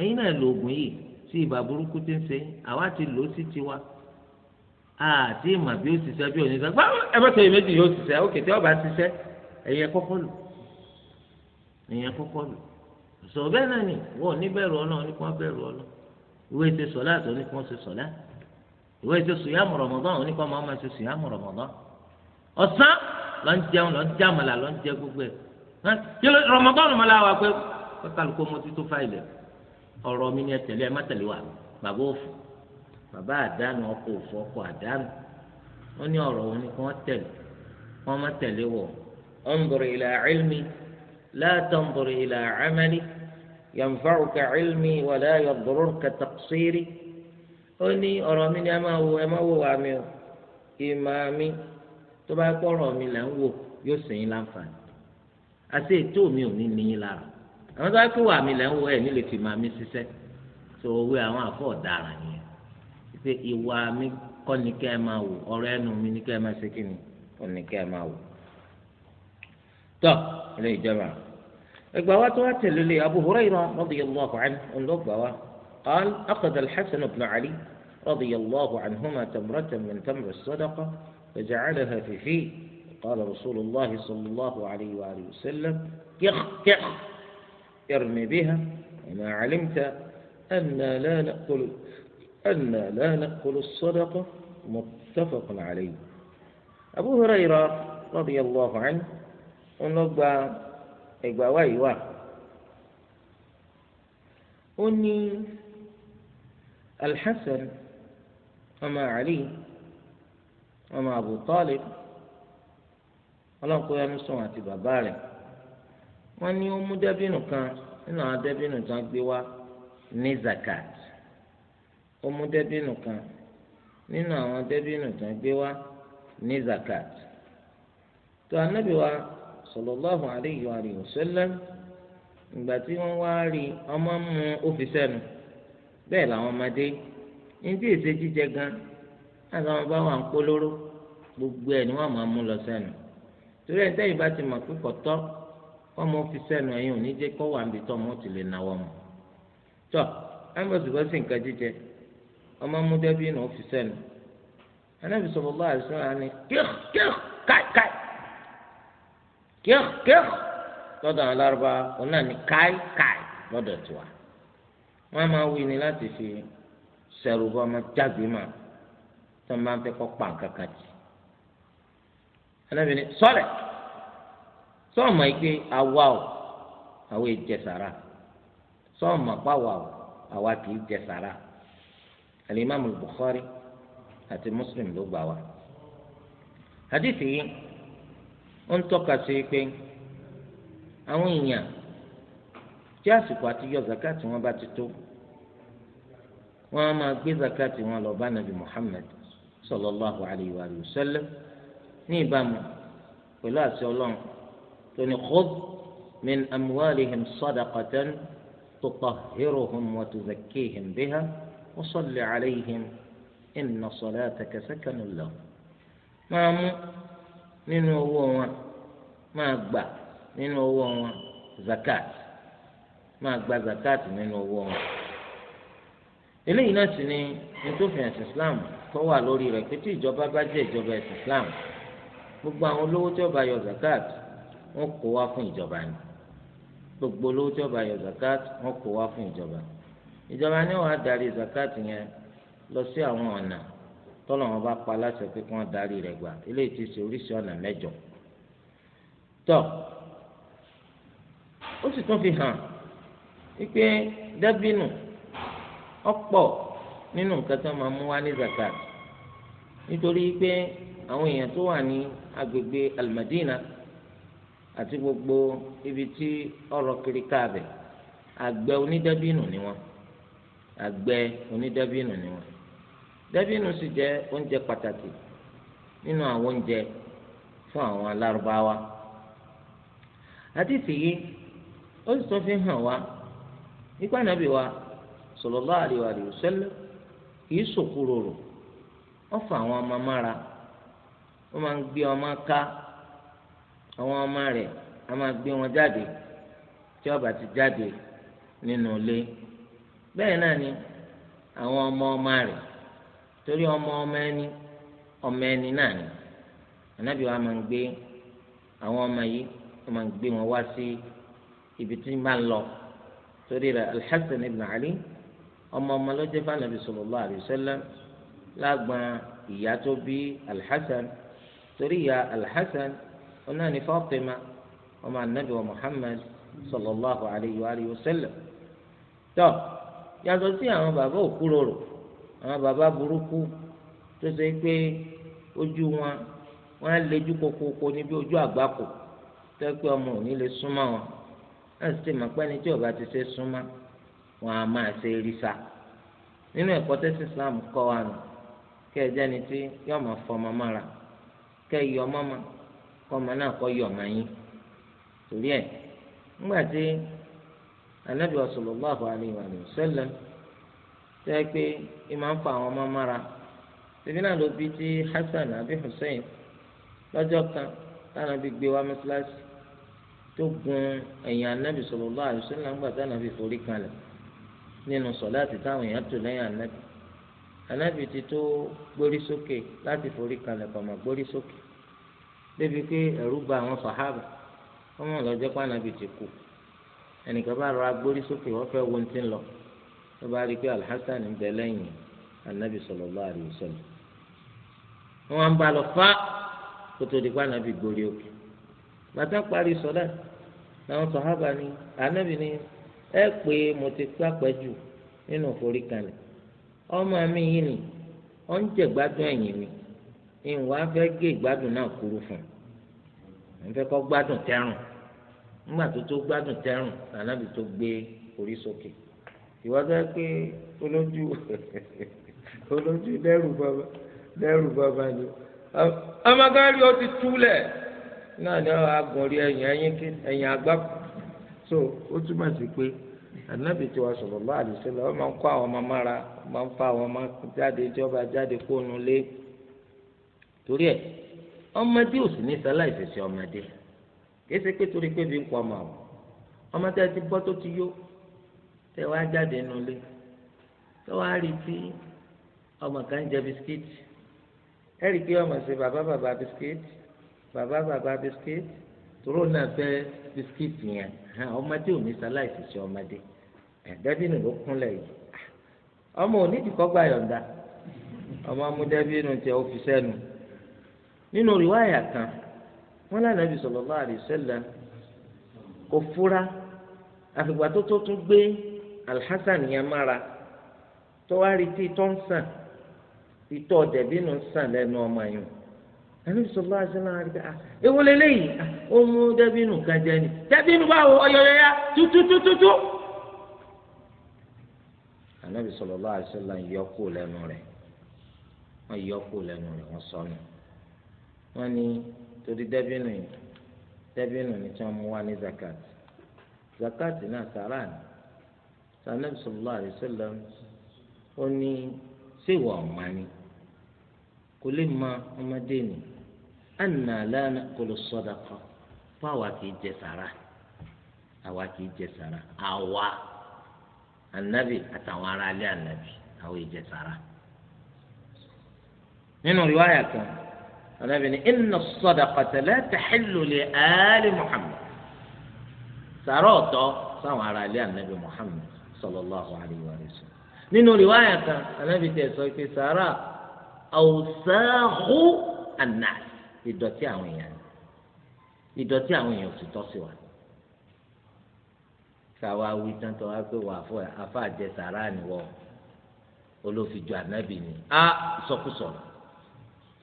ẹ̀yin náà lo oògùn yìí sí ìbà burúkú tí ń ṣe àwa ti lò ó sí tiwa àti ìmọ̀ bí ó ṣiṣẹ́ bí òní sọ gbá ẹ bá tẹ̀yẹ méjì yóò ṣiṣẹ́ ó kété ọba ṣiṣẹ́ ẹ̀yẹ kọ́kọ́ lò ẹ̀yẹ kọ́kọ́ lò sọ bẹ́ẹ̀ náà ni wọ́n ní bẹ̀rù ọlọ́run ní kí wọ́n bẹ̀rù ọlọ́run ìwé ṣe sọ̀lá àti oní kí ṣe sọ̀lá ìwé ṣe sùyàmù Ramadan oní kí wọ́n máa ṣe sùyàmù Ramadan ọ̀sán lọ ń jẹun lọ ń jẹ àmàlà Ramadan mọ́lá wa pé kálukó ọ̀rọ̀ mi ni ẹ tẹ̀lé ẹ má tẹ̀lé wa bàbá òfò bàbá àdánù ọkọ òfò ọkọ àdánù wọn ní ọ̀rọ̀ wọn ni kí wọn tẹ̀lé wọn má tẹ̀lé wọ ọmbùrì ìlà ilmi látọmbùrì ìlà amali yanfàwùkà ilmi wàlá yọdùrùkà tàkṣírí ó ní ọ̀rọ̀ mi ni ẹ má wo ẹ má wo wà mí o ìmọ̀ mi tó bá kọ́ ọ̀rọ̀ mi là ń wò yóò sìn yín láǹfààní àti ètò mi ò ní níyín lára àwọn tó wá pé wà ẹ nílé tì máa mí ṣiṣẹ tó o wé àwọn nílé tì máa mi ṣiṣẹ́ tó owó àwọn àfọ̀ ọ̀daràn yẹn pé ìwà mi sise to o owo awon afo odaran yen se iwa mi ko ni kẹ́ ẹ máa wò ọ̀rọ̀ ẹnu mi ni kẹ́ ẹ máa ṣe kí ni kọ́ ni kẹ́ ẹ máa wò. tọ́ ilé ìjọba ẹgbà wa tó wá tẹ̀lé lé Abu Hurairah radiyallahu anhu ọlọ́gbà wa قال أخذ الحسن بن علي رضي الله عنهما تمرة من تمر الصدقة فجعلها في فيه قال رسول الله صلى الله عليه وآله وسلم كخ يرمي بها وما علمت أن لا نأكل أن لا نأكل الصدقة متفق عليه أبو هريرة رضي الله عنه ونبى إبا ويوا أني الحسن وما علي وما أبو طالب ọlọ́run kó yanu sọ̀rọ̀ àti wọ́n ní ó mú dẹ́bìnù kan nínú àwọn dẹ́bìnù tí wọ́n gbé wá ní zakat ó mú dẹ́bìnù kan nínú àwọn dẹ́bìnù tí wọ́n gbé wá ní zakat tó anábì wa sallallahu alayhi wa sallam ìgbà tí wọ́n wá rí ọmọ mú ọ́fíìsì ẹnu bẹ́ẹ̀ làwọn ọmọdé ní tí èsè jíjẹ gan àtàwọn bá wà ń polówó gbogbo ẹ̀ ni wọ́n máa mú lọ sẹ́nu torí ẹ̀ ń tẹ́yìn bá ti mọ̀ pé kọ̀tọ́ ọmọ fi sẹ́nu ẹ̀yìn ò ní jẹ́ kó wà níbi tó ọmọ ti lè náwó mọ́ tọ́ ẹ̀ńbọ̀sibọ́sì nǹkan jíjẹ ọmọ mú nà ó fi sẹ́nu anábì sọ̀rọ̀ bá àìsàn rà ní kíx kíx káìkáì kíx kíx àwọn ni láti fi sẹ̀rù bọ́ ọmọ jágbe máa tó máa ń sọọmọ ike awa o àwọn ìjẹsàrà sọọmọ pàwà o àwa kì í alimami Bukhari àti Muslim ló gbà wá hadithi yìí ó ń tọ́ka sí pé àwọn èèyàn tí àsìkò àti yọ zakati wọn bá ti tó wọn á máa gbé zakati wọn lọ bá nàbì Muhammad sallallahu alayhi wa sallam ní ìbámu pẹ̀lú àṣẹ Ọlọ́run. خذ من أموالهم صدقة تطهرهم وتزكيهم بها وصل عليهم إن صلاتك سكن لهم ما من هو ما أقبع من هو زكاة ما أقبع زكاة من هو إلي ناسني نتوفى الإسلام فهو لوري ركتي جوبا بجي جوبا الإسلام gbogbo àwọn olówó جوبا ọba زكاة wọ́n kó wá fún ìjọba ni gbogbo olówó jọba yọ zakat wọ́n kó wá fún ìjọba ìjọba ni wọ́n á darí zakat yẹn lọ sí àwọn ọ̀nà tọ́lọ̀ wọn bá pa aláṣẹ pé kí wọ́n darí rẹ̀ gbà eléyìí ti ṣe oríṣi ọ̀nà mẹ́jọ tọ́ ó sì tún fi hàn wípé dẹ́bínù ọ̀pọ̀ nínú nǹkan tó máa mú wá ní zakat nítorí pé àwọn èèyàn tó wà ní agbègbè almadina. àti gbogbo ibi tí ọrọ kiri káàbẹ̀ àgbẹ̀ onídàbínù ni wọn àgbẹ̀ onídàbínù ni wọn dàbínù sì jẹ oúnjẹ pàtàkì nínú àwọn oúnjẹ fún àwọn alárúbáwá àdìsí yìí ó sì fi hàn wá nípa nàbí wa sallallahu alaihi wa sallam kìí sòkúròrò wọn fa àwọn ọmọ mára wọn máa ń gbé àwọn ọmọ rẹ̀ a máa gbé wọn jáde tí ọba ti jáde nínú ilé bẹ́ẹ̀ náà ni àwọn ọmọ ọmọ rẹ̀ torí ọmọ ọmọ ẹni ọmọ ẹni náà ni ànábì wa máa ń gbé àwọn ọmọ yìí wọ́n máa ń gbé wọn wá sí ibi tí wọ́n máa ń lọ torí rẹ̀ alḥasan ibn ali ọmọ ọmọ ló jẹ́ fànàbí sallallahu lágbọn ìyá tó bí alḥasan torí ìyá alḥasan. ọ̀nà ní Fátímà ọmọ anabi wa Muhammad sallallahu alayhi wa alihi wa sallam tó yàtọ̀ àwọn bàbá òkúròrò àwọn bàbá burúkú tó ṣe pé ojú wọn wọn á kokoko níbi ojú àgbákò tó ọmọ òní lè wọn tí ti ṣe wọn máa ṣe nínú Islam kọ́ wa nù kẹ́ ẹ jẹ́ni tí máa fọ ọmọ kọ́mọ náà kọ́ yọ̀ ọmọ yín torí ẹ̀ ńgbà tí anabi sallallahu alaihi wa sallam tẹ́ pé ẹ máa ń fa àwọn ọmọ mára tèmi náà ló bí tí Hasan àbí Hussein lọ́jọ́ kan táwọn bí gbé wá mọ́ṣáláṣí tó gun ẹ̀yìn anabi sallallahu alaihi wa sallam ńgbà tí anabi forí kalẹ̀ nínú sọ̀láàtì táwọn èèyàn tò lẹ́yìn anabi anabi ti tó gbórí sókè láti forí kalẹ̀ kọ̀mọ̀ gbórí sókè débi pé ẹ̀rù bà àwọn sàhábà wọ́n mọ̀ lọ́jọ́ pé ànábì ti kú ẹnìkan bá rọra gbórí sókè wọ́n fẹ́ wo ti ń lọ tó bá rí i pé alhassan ń bẹ lẹ́yìn ànábì sallallahu alaihi wasallam wọ́n á ń bá lọ fá kótó di pé ànábì gbórí òkè bàtà parí sọ́dà làwọn sàhábà ni ànábì ni ẹ pé mo ti pápẹ́ jù nínú forí kalẹ̀ ọmọ mi yìí ni ó ń jẹ̀gbádùn ẹ̀yìn mi. ìwà fẹ́ gé ìgbádùn náà kúrú fún un fẹ́ kọ́ gbádùn tẹ́rùn nígbà tó tó gbádùn tẹ́rùn lànàbì tó gbé orí sókè ìwádìí pé olójú olójú lẹ́rù bàbá lẹ́rù bàbá ni amagari ó ti túlẹ̀ náà ni agùn orí ẹ̀yìn ẹ̀yìn kí ẹ̀yìn àgbà so ó túmọ̀ sí pé ànábì tí wàá sọ̀rọ̀ lọ́wọ́ àdìsẹ́lẹ̀ ó máa ń kó àwọn ọmọ mára máa ń fa àwọn ọmọ jáde tí wọ́n bá jáde kó nu lé. torí ẹ ọmọdé ò sì ní sáláì fèsì ọmọdé kìí ṣe pé torí pé bí ń pọ ọmọ àwọn ọmọdé ti bọ́ tó ti yó tẹ wá jáde nulẹ̀ tẹ wá rí tí ọmọ kan jẹ bisikíìtì ẹ rí i pé ọmọ sí bàbá bàbá bisikíìtì bàbá bàbá bisikíìtì tóró náà fẹ́ bisikíìtì yẹn ọmọdé ò ní sáláì fèsì ọmọdé ẹ̀ẹ́dẹ́bìnrin ló kúnlẹ̀ yìí ah, ọmọ onídìí kọ́ gbà yọ̀ǹda ọmọ amúdẹ́bìnrin tiẹ̀ ó fi sẹ́nu nínú rìwáyà kan wọn lànà bí sallallahu alaihi wasallam kò fura àfìgbà tó tó tún gbé alhassan yẹn mára tó wá rí tí tó ń sàn ìtọ́ dẹ̀bí nù ń sàn lẹ́nu ọmọ yìí ànábì sallallahu alaihi wasallam àríkà ah, ewu lélẹ́yìí ah, ó mú dẹ́bí nù kan jẹ ni dẹ́bí nù báwo ọ̀yọ̀yọ̀yà tútútútú. ànábì sallallahu alaihi yọkù lẹ́nu rẹ̀ wọ́n yọkù lẹ́nu rẹ̀ wọ́n sọnù wọ́n ní torí dẹ́bìnù yìí dẹ́bìnù ni tí wọ́n mú wá ní zakat zakat náà sàrà ni sànẹ́bí sọlá àdìsọ́lá ó ní ṣèwà ọ̀ma ni kò lè ma ọmọdé ni àná lánà kò lè sọdà kan fún àwa kì í jẹ sàrà àwa kì í jẹ sàrà àwa ànábì àtàwọn aráalé ànábì àwọn ìjẹ sàrà nínú riwaya kan anabi ni inna sadaqata la tahillu li ali muhammad sàrà ọ̀tọ̀ sáwọn ará ilé anabi muhammad sallallahu alayhi wa sallam nínú riwaya kan anabi tẹ̀ sọ pé sàrà awsakhu annas ìdọ̀tí àwọn èèyàn ìdọ̀tí àwọn èèyàn ò sì tọ́ sí wa sáwa wí tán tó wá pé wàá fọ àfa àjẹsára nìwọ olófìjọ ànábì ni a sọkúsọ̀rọ̀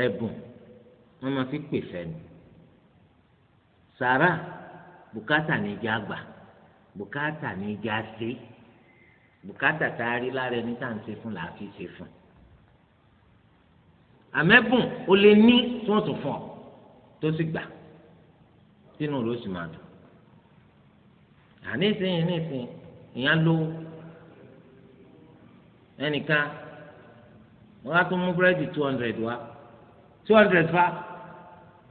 ẹ̀bùn wọ́n máa fi pè fẹ́ ni sàrà bùkátà ní ìjà àgbà bùkátà ní ìjà sí bùkátà tá a rí lára ẹni tá à ń ṣe fún làá fi ṣe fún àmẹ́bùn o lè ní tí wọ́n tún fún ọ tó sì gbà sínú ló sì máa dùn àníṣeyìn níṣeyìn ìyẹn lówó ẹnìkan wọ́n á tún mú búrẹ́dì two hundred wá. two hundred fa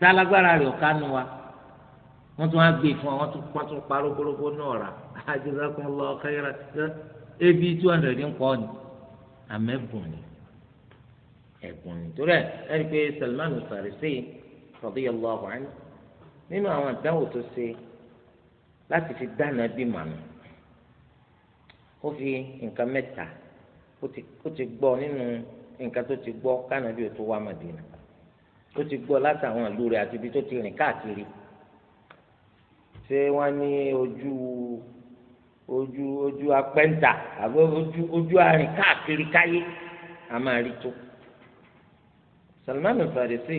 a alágbára rẹ̀ ọ̀ka nu wa wọ́n tún wá gbé fún wa wọ́n tún tún náà rà ebi two hundred ń kọ́ ni àmẹ́bùn ni ẹ̀bùn ni torí ẹ̀ ẹni pé Salman Farisi nínú àwọn fi dáná bí màmú ó fi nǹkan mẹ́ta ti gbọ́ nínú nǹkan tó ti gbọ́ kanabi otu tó wá ó ti gbọ́ látàwọn ìlú rẹ̀ àti ibi tó ti rìn káàkiri ṣé wọ́n ní ojú ojú ojú apẹ́ńtà àbí ojú ojú arìn káàkiri káyé a máa rí tó Salman Farisi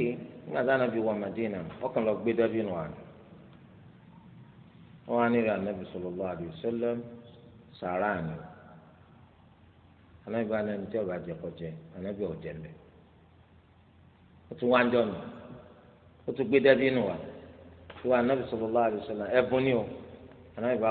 nígbà tí anabi wọ Madina ọkàn lọ gbé dábì nù àná wọn á nílò anabi sallallahu alaihi wasallam sàrà àná anabi bá anabi tí ọba jẹ kọjẹ anabi ọjẹ mbẹ. otu tún wá ń jọ nù ó tún gbé dẹ́bí nù wá tí wàá nàbì sallallahu alaihi wasallam ni o ànábì bá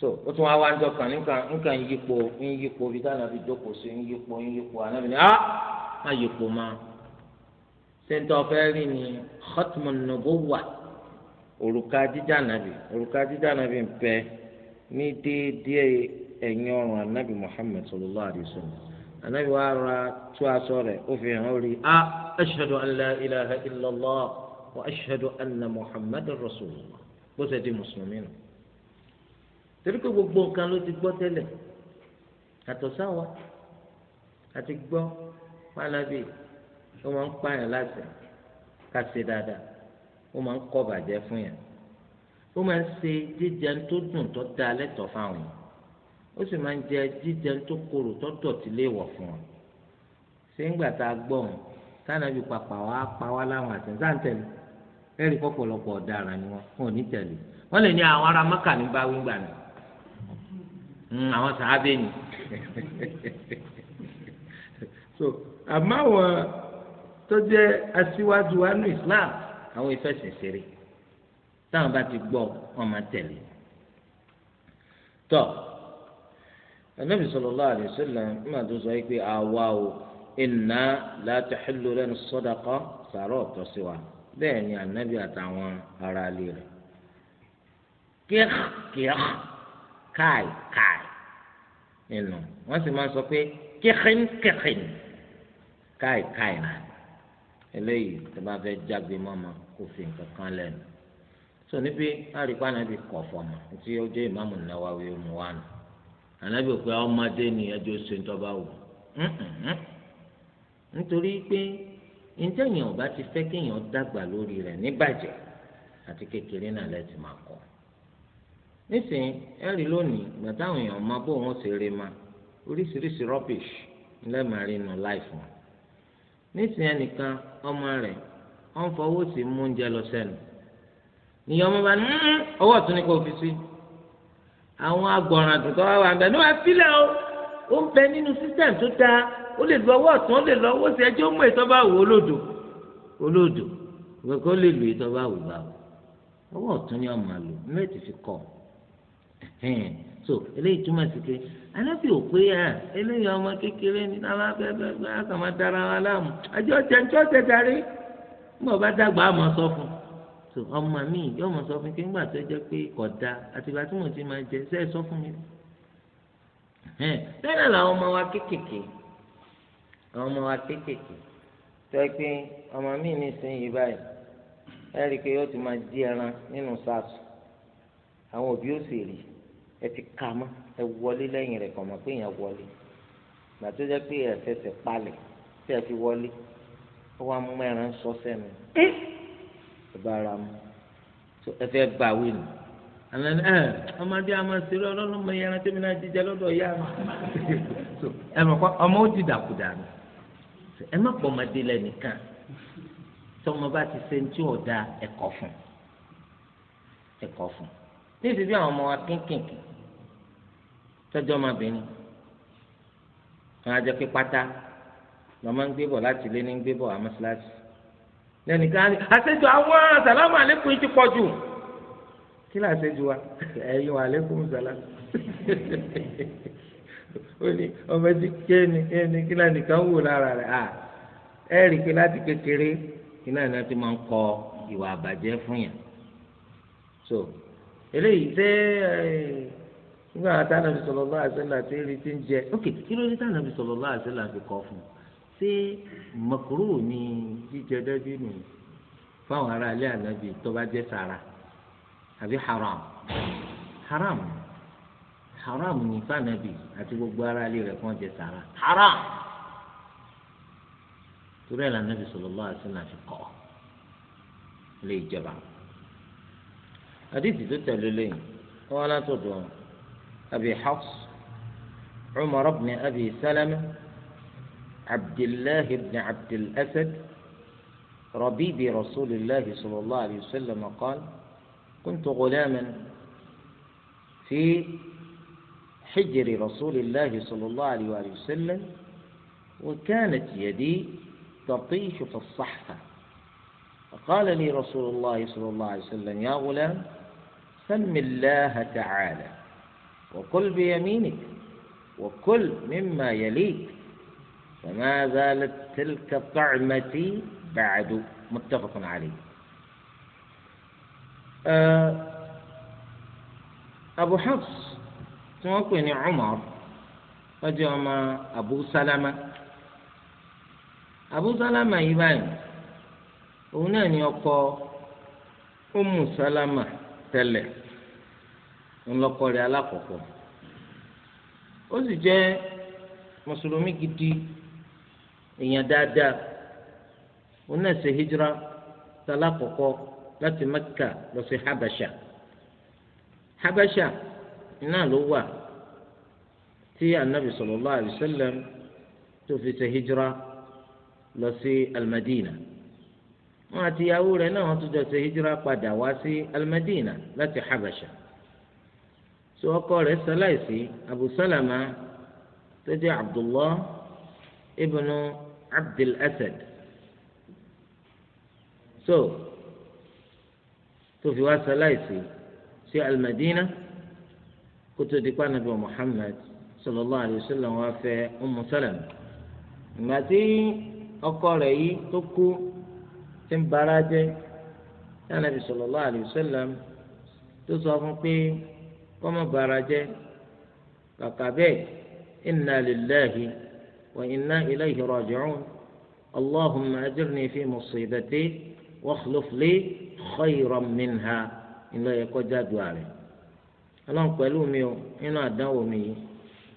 so otu nwa wá wá nǹkan nǹkan yípo ń bí táwọn àbí jókòó sí ń yípo ma ni ah má yípo má sẹ́ńtọ́ fẹ́ rí ni anabi nubuwah òrùka jíjà nàbì òrùka jíjà nàbì ẹ̀yìn ọrùn anabi muhammed sallallahu alayhi wa sallam anabi wa ara tú aṣọ rẹ̀ ó fi hàn orí a ashhadu an la ilaha illallah wa ashhadu anna muhammed rasulullah bó ṣe di mùsùlùmí nù torí pé gbogbo nǹkan ló ti gbọ́ tẹ́lẹ̀ àtọ̀ sáwa àti gbọ́ pálábì ó máa ń pààyàn láti ká dáadáa ó máa ń kọ́ bàjẹ́ fún yàn ó máa ń ṣe jíjẹun tó dùn tó dáa lẹ́tọ̀ọ́ fáwọn yàn ó sì máa ń jẹ jíjẹ tó korò tọ́tọ̀ tí lè wọ̀ fún wọn ṣé ń gbà tá a gbọ́ wọn tánàbí papà wá pa wá láwọn àti nígbà tẹ̀lé ẹ̀rí pọ̀pọ̀lọpọ̀ ọ̀daràn ni wọn fún òní tẹ̀lé wọ́n lè ní àwọn ará mọ́kà ní bá wíńgbà hmm, ni àwọn sàábẹ́ ni so àmọ́ àwọn tó jẹ́ aṣíwájú wa ní Islam àwọn ìfẹsẹ̀ ṣeré táwọn bá ti gbọ́ wọn máa tẹ̀lé anabi sallallahu alayhi wa sallam nígbà tó sọ pé àwa o inna la tahillu lana sadaqa sàrọ ọtọ sí wa bẹ́ẹ̀ ni anabi àtàwọn ará ilé rẹ̀ kíákíá káìkáì nínú wọn sì máa sọ pé kíkínkíkín káìkáì náà eléyìí tó bá fẹ́ jágbe mọ́mọ́ kó fi nǹkan kan lẹ́nu so níbi àríkpá náà bí kọ̀ fọ́mọ́ tí ó jẹ́ ìmáàmù Nawawi ó mú wa nù. ànábì pé ọmọdé ni ẹjọ́ ṣe ń tọ́ba wò nítorí pé ọba ti fẹ́ kéèyàn dàgbà lórí rẹ̀ níbàjẹ́ àti kékeré náà lẹ́tì máa kọ́ nísìnyí ẹ̀rí lónìí ìgbà táwọn èèyàn máa bó wọn ma oríṣiríṣi rubbish ńlẹ́màrí nù nísìnyí ẹnìkan ọmọ rẹ, ọ̀n fọwọ́ sí mú oúnjẹ lọ sẹ́nu ìyá ọmọ bá ní àwọn agbọ̀ràn tuntun wà wà ń bẹ ní wàá o ó ń bẹ nínú system tó dáa ó lè lọ ọwọ ọtún ó lè lọ ọwọ́ sí ẹjọ́ mú ètò bá wò olódò olódò gbẹ̀gbẹ́ ó lè lò wò bá wò ni ọmọ àlò nílẹ̀ fi so eléyìí túmọ̀ sí pé alábì ò pé ọmọ kékeré ní náà láàmú àjọ so ọmọ mi yóò mọ sọ fún mi nígbà tó jẹ́ pé kódà àtìgbà tí mo ti máa jẹ ṣe é sọ fún mi bẹ́ẹ̀ náà làwọn ọmọ wa kéékèèké àwọn ọmọ wa kéékèèké tó yẹ pé ọmọ mi nísìnyí báyìí ẹ rí i pé yóò ti máa di ẹran nínú sars àwọn òbí ó sì rí ẹ ti kà mọ́ ẹ wọlé lẹ́yìn rẹ̀ kọ̀ mọ́ pé èèyàn wọlé gbà tó jẹ́ pé ẹ fẹsẹ̀ palẹ̀ tí ẹ fi wọlé ó wá mú ẹran sọ sẹ́nu ẹ bá ara mu tó ẹ fẹ́ gbà wí nù àná ẹ ọmọdé àmọ́ sèré ọlọ́mọ yẹn rántí mi náà jíjẹ lọ́dọ̀ yá mi ẹ mọ̀ kọ́ ọmọ ó ti dàkúdà mi ẹ má pọ̀ ọmọdé lẹ́nìkan tọmọ bá ti ṣe tí ò da ẹ̀kọ́ fún ẹ̀kọ́ fún ní ìsibí àwọn ọmọ wa kínkìnkì tọ́jú ọmọbìnrin wọn á jẹ́ pé pátá lọ́mọ ń gbé bọ̀ láti ilé ní ń gbé bọ̀ àmọ́ síláṣí lẹ́nìkan àṣejù àwọn sàlámù àlékún yìí ti pọ̀ jù kí ló àṣejù wa ẹ̀yin wà àlékún sàlámù ó ní ọmọ ẹtí kéènì kéènì kí ló nìkan wò lára rẹ̀ à ẹ̀ rí i pé láti kékeré kí náà náà ti máa ń kọ ìwà àbàjẹ́ fún yàn so eléyìí ṣé nígbà tá a nàbì sallallahu alaihi wasallam àti èrè ti ń jẹ ok kí ló dé tá a nàbì sallallahu alaihi wasallam fi kọ́ fún un ṣé mọ̀kúrú ni jíjẹ dẹ́bí nù fáwọn ará ilé ànábì tó bá jẹ́ sàrà àbí haram haram haram ni fànàbì àti gbogbo ará ilé rẹ̀ kàn jẹ́ sàrà haram torí ẹ̀ lànàbì sallallahu alaihi wasallam fi kọ́ lé ìjọba àdìsí tó tẹ̀lé lẹ́yìn wọn á látọ̀dọ̀ أبي حفص عمر بن أبي سلمة عبد الله بن عبد الأسد ربيب رسول الله صلى الله عليه وسلم قال كنت غلاما في حجر رسول الله صلى الله عليه وسلم وكانت يدي تطيش في الصحفة فقال لي رسول الله صلى الله عليه وسلم يا غلام سم الله تعالى وكل بيمينك وكل مما يليك فما زالت تلك طعمتي بعد متفق عليه أبو حفص تمكن عمر وجم أبو سلمة أبو سلمة يبان هنا يقول أم سلمة tẹ́lẹ̀ ńlọkọ rẹ̀ alákọ̀ọ́kọ́ ó sì jẹ́ mùsùlùmí gidi èèyàn dáadáa òun náà ṣe hijira tala kọ̀kọ́ láti Mẹ́kà lọ sí Habasha Habasha náà ló wà tí anabi sallallahu alaihi wasallam tó fi ṣe hijira lọ sí Al-Madina wọn àti ìyàwó rẹ̀ náà wọn tún jọ ṣe hijira padà wá sí al láti Habasha so ọkọ rẹ̀ sọláìsì Abu Salama tó jẹ́ Abdullah ibnu. Abdul Asad so tó fi wá sáláìsì sí Al-Madina kótó dikpa nàbẹ Muhammad sallallahu alayhi wa sallam wá fẹ́ Ummu Salama ìgbà tí ọkọ rẹ̀ yìí tó kú ti ń bara jẹ́ nàbẹ sallallahu alayhi wa sallam tó sọ fún pé kọ́mọ bara jẹ́ kàkà bẹ́ẹ̀ inna lillahi. وإنا إليه راجعون اللهم أجرني في مصيبتي واخلف لي خيرا منها إن لا يكون جدوالي ọlọ́run pẹ̀lú mi o nínú àdánwò mi yìí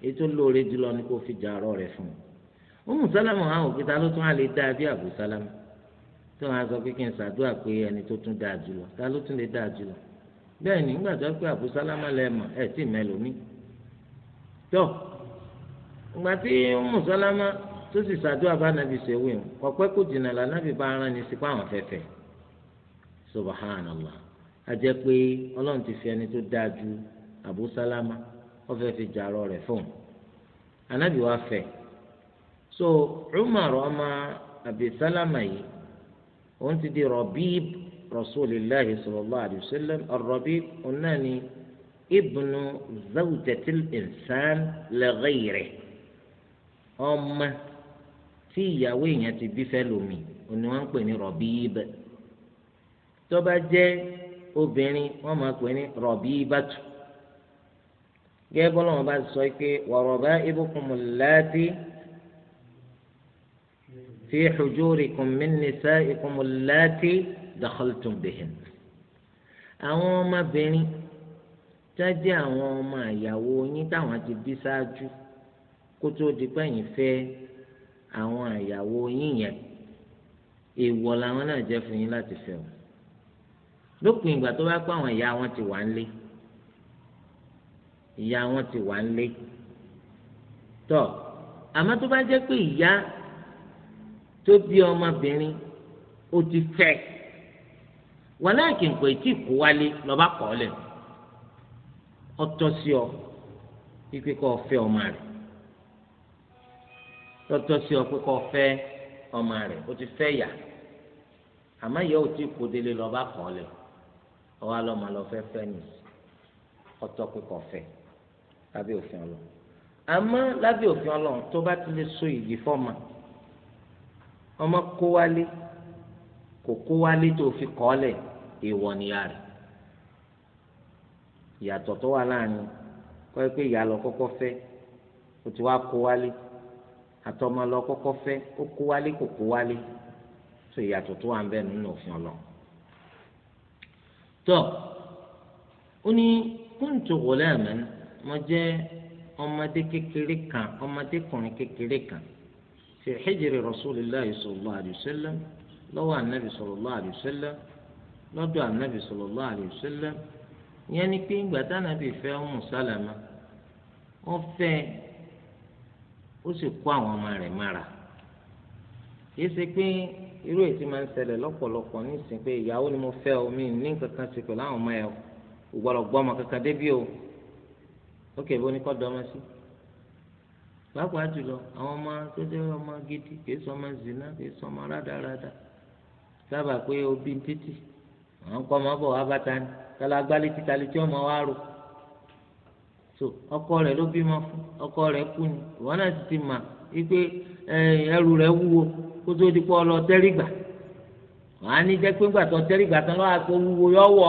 ètò lóore jùlọ ni kò fi jàrọ̀ rẹ̀ fún un ọmọ sálámù àwọn òkúta ló tún á lè dáa bí àbú sálámù tí wọn á sọ pé kí n ṣàdúrà pé ẹni tó tún dáa jùlọ ta ló tún lè dáa jùlọ bẹ́ẹ̀ ni nígbà tó pé àbú sálámù lẹ́ẹ̀mọ̀ ẹ̀ tí mẹ́lòmí tó ìgbà tí mùsọ́lámà tó sì ṣàdúrà bá nàbì ṣèwé o kọ̀pẹ́ kò jìnnà là nàbì bá ara ní sípò àwọn fẹ́fẹ́ subhanallah a jẹ́ pé ọlọ́run ti fi ẹni tó dáa ju Abu Salama fi jàrọ̀ rẹ̀ fún anabi wa fẹ́ so Umar ọmọ Abi Salama yìí òun ti di Rabib Rasulillah sallallahu alayhi wa sallam ar-Rabib òun náà ni ibnu zawjatil insan li ọmọ tí ìyàwó èèyàn ti bí fẹ́ lómi òní wọ́n ń pè ní rọ̀bíìbà tó bá jẹ́ obìnrin wọ́n máa pè ní rọ̀bíìbàtù gẹ́gẹ́ bọ́lá wọn bá sọ pé wàrọ̀bá ibùkúnmù láti fi hujurikum min nisaikum láti dakhaltum bihin àwọn ọmọbìnrin tó àwọn ọmọ ìyàwó yín táwọn ti bí ṣáájú kó tó di pé ẹ̀yin fẹ́ àwọn àyàwó yín yẹn èèwọ̀ làwọn náà jẹ́ fún yín láti fẹ́ o lópin ìgbà tó bá pa àwọn ìyá wọn ti wà ń lé ìyá wọn ti wà ń lé tọ àmọ́ tó bá jẹ́ pé ìyá tó bí ọmọbìnrin ó ti fẹ́ wàláàkì nǹkan ètí kó wálé lọ́ba kọ́ ọtọ́ sí ọ ikú kọ́ fẹ́ ọmọ rẹ̀ tọ́tọ́ sí ọ pé kọ́ fẹ́ ọmọ rẹ̀ ó ti fẹ́ yà àmọ́ ìyá ò tí kò délé lọ́ba kàn lẹ̀ ọwọ́ alọ́mọ lọ fẹ́ fẹ́ nì ọtọ́ pé kọ́ fẹ́ lábẹ́ òfin ọlọ́run àmọ́ lábẹ́ òfin ọlọ́run tó bá ti lè so ìyí fọ́ọ̀mà ọmọ kó wálé kò kó wálé tó fi kọ́ lẹ̀ èèwọ̀ nìyá rẹ̀ ìyàtọ̀ tó wà láàrin kọ́ ẹ pé ìyá lọ kọ́kọ́ fẹ́ ó ti wá kó wálé àtọmọ lọ kọ́kọ́ fẹ́ ó kó wálé kò kó wálé tó ìyàtọ̀ tó wà ń bẹ nínú òfin ọlọ. tọ́ ó ní kúńtù ghulaman mo jẹ́ ọmọdé kékeré kan ọmọdékùnrin kékeré kan fi hijri rasulillah sallallahu alayhi wa sallam lọ́wọ́ anabi sallallahu alayhi wa sallam lọ́dọ̀ anabi sallallahu alayhi wa sallam ìyẹn ni pé ìgbà tá anabi fẹ́ Ummu Salama wọ́n fẹ́ ẹ ó sì kó àwọn ọmọ rẹ̀ mára kìí ṣe pé irú ètí máa ń ṣẹlẹ̀ lọ́pọ̀lọpọ̀ nísìnyí pé ìyàwó ni mo fẹ́ o mi ní kankan ṣe pẹ̀lú àwọn ọmọ ẹ̀ o gbọ́dọ̀ gbọ́ ọmọ kankan débí o ókè bó ní kọ́ dọ́ ọmọ sí pàápàá jùlọ àwọn ọmọ tó jẹ́ ọmọ gidi kìí sọ ọmọ zina kìí sọ ọmọ rádaràda sábà pé obi títì àwọn kọ́ ọmọ bọ̀ wá bàtà ni kálá gbálẹ̀ títà létí ọmọ wa rò so ọkọ rẹ̀ ló bímọ fún ọkọ rẹ̀ kú ni ìwọ náà ti ti mà wípé ẹrù rẹ̀ wúwo kó tó di pọ lọ tẹrígbà wàá ní jẹ pé gbàtọ tẹrígbà tán lọ àpò wúwo yọ wọ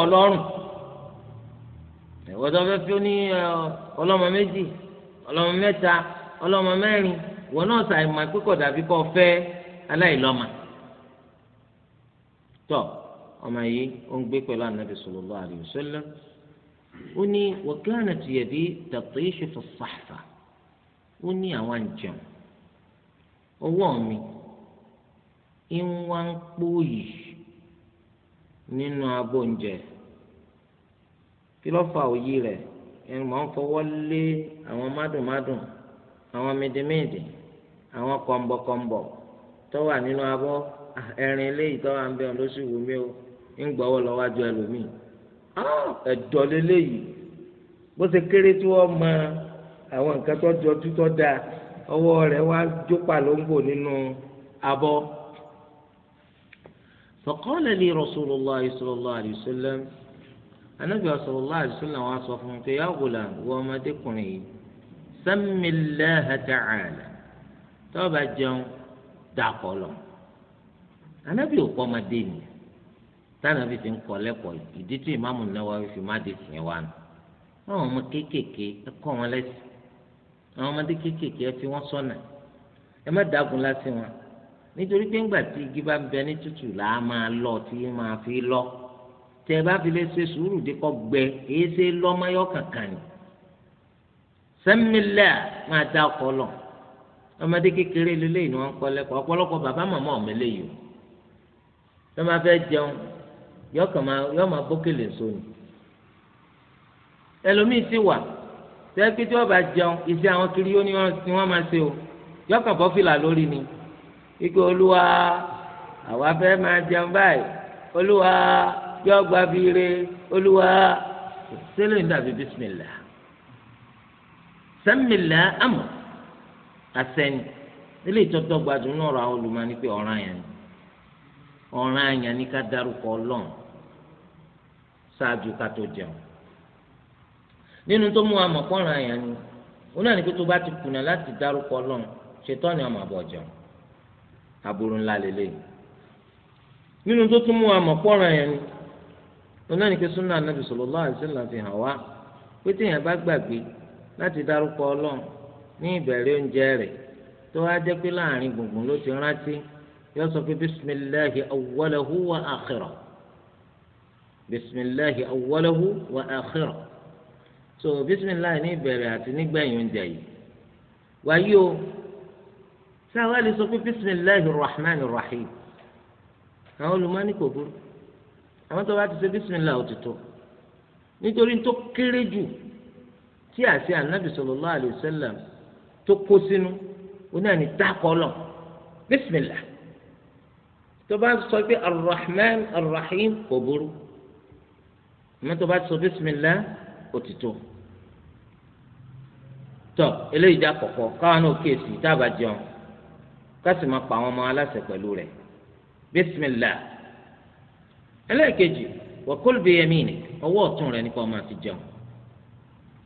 tọ ọmọ yìí ó anabi ó ní wọ̀gánà tìyẹ̀dí dàpọ̀ iṣu fi sàfà ó ní àwọn àjẹun ọwọ́ mi ń wá ń pòyì nínú abọ́ oúnjẹ kí ló fa òyì rẹ̀ ẹ̀ mọ̀ ń fọwọ́ lé àwọn mádùnmádùn àwọn mìdìmìdì àwọn kọ̀ǹbọ̀kọ̀ǹbọ̀ tó wà nínú abọ́ ah, ẹ̀rìn eléyìí tó wà ń bẹ̀rù lóṣù wù mí o ń gbọ́wọ́ lọ́wájú ẹlòmíì ẹ̀dọ́ lélẹ́yìí bó ṣe kéré tí wọ́n mọ àwọn nǹkan tó jọ tútọ́ da ọwọ́ rẹ̀ wá jópa ló ń bò nínú abọ́. فقال لي رسول الله صلى الله عليه وسلم النبي صلى الله عليه وسلم وصفه يا غلام وما تكوني سم الله تعالى tọ́ba jẹun dà kọlọ̀ anábì ò pọ́mọdé ni táwọn fi fi ń kọ́ lẹ́kọ̀ọ́ ìdí tí ìmáàmù Nawawi fi má di sìn wa nù àwọn ọmọ kéékèèké ẹ kọ́ wọn lẹ́sìn àwọn ọmọdé kéékèèké ẹ fi wọ́n sọ́nà ẹ má dàgùn lásì wọn nítorí pé ńgbà tí igi bá ń bẹ ní tútù là á máa lọ tí yín máa fi lọ tẹ bá fi lè ṣe sùúrù dé kọ gbẹ èyí ṣe lọmọyọ kankan ni sẹmílẹ máa dá ọkọ lọ ọmọdé kékeré lélẹyìn ni wọn kọ́ lẹ́kọ̀ọ́ ọ̀pọ̀lọpọ̀ bàbá màmá ọmọ eléyìí o tó máa fẹ́ jẹun yọ máa bókèlè sóni ẹlòmíì sì wà tẹ́kí tí wọ́n bá jẹun iṣẹ́ àwọn kiri yóò ní wọ́n máa ṣe o yọ kàn bọ́ fìlà lórí ni ike olúwa àwa fẹ́ máa jẹun báyìí olúwa yọ gba fiire olúwa sẹ́lẹ̀ ń dàbí bísímìlà sẹ́mìlà àmọ̀ àsẹ́ni ilé ìtọ́tọ́ gbadun náà rọ olùmọ̀ ni pé ọ̀ràn yẹn ọ̀ràn yẹn ni ká dárúkọ ọlọ́run ṣáájú ká tó jẹun nínú tó mú amọ̀kọ́ràn àyàn ni oní àná tó bá ti kùnà láti dárúkọ ọlọ́run ṣètọ́ ni ọmọ àbọ̀ jẹun aburú ńlá lélẹ́yìn nínú tó tún mú amọ̀kọ́ràn àyàn ni oní àná pé súnà anábì sallallahu alaihi wasallam fi hàn wá pé téèyàn bá gbàgbé láti dárúkọ ọlọ́run ní ìbẹ̀rẹ̀ oúnjẹ rẹ̀ tó wá jẹ́ pé láàrin gbùngbùn ló ti rántí yóò sọ pé bismillahi wa akhirahu bisimilahi awalahu wa akhira so bisimilahi ní ìbẹ̀rẹ̀ àti nígbẹ̀yìn oúnjẹ yìí wáyé o sáwa lè sọ pé bisimilahi rahman rahim àwọn olùmọ́ni kò burú àwọn tó bá ti ṣe bisimilahi òtítọ́ nítorí tó kéré jù tí àṣẹ anabi sallallahu alayhi wa sallam tó kó sínú onáni dákọlọ bisimilahi tó bá sọ pé arrahman arrahim kò burú àmọ́ tó bá sọ bísímìlá òtítọ́ tọ eléyìí dá kọ̀kọ́ káwọn náà kíyèsí táàbà jẹun kásì máa pa àwọn ọmọ aláṣẹ pẹ̀lú rẹ̀ bísímìlá ẹlẹ́ẹ̀kejì wọ́kọ́lù bíi ẹ̀mí ni ọwọ́ ọ̀tún rẹ̀ nípa ọmọ àti jẹun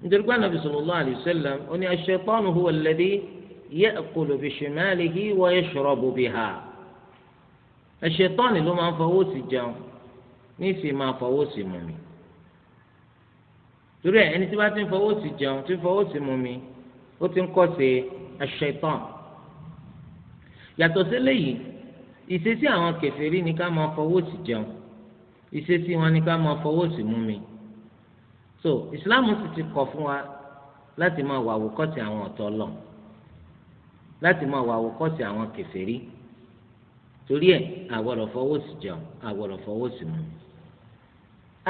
nítorí pé anabi sallallahu alayhi wa sallam ó ní ash-shaytanu huwa alladhi ya'kulu bi shimalihi wa yashrabu biha ash-shaytanu ló máa ń fọwọ́ sí jẹun ní ìsìn máa fọwọ́ sí mọ̀mí torí ẹ ẹni tí wọn ti ń fọwọ́ sí jẹun ti ń fọwọ́ sí mumi ó ti ń kọ́ sí aṣẹ́tàn yàtọ̀ sí léyìí ìṣesí àwọn kèfèrí ni ká máa fọwọ́ sí jẹun ìṣesí wọn ni ká máa fọwọ́ sí mumi so ìsìláàmù sì ti kọ̀ fún wa láti máa wà wò kọ́sì àwọn ọ̀tọ̀ lọ láti máa wà wò kọ́sì àwọn kèfèrí torí ẹ àwọ̀rọ̀ fọwọ́ sí jẹun àwọ̀rọ̀ fọwọ́ sí mumi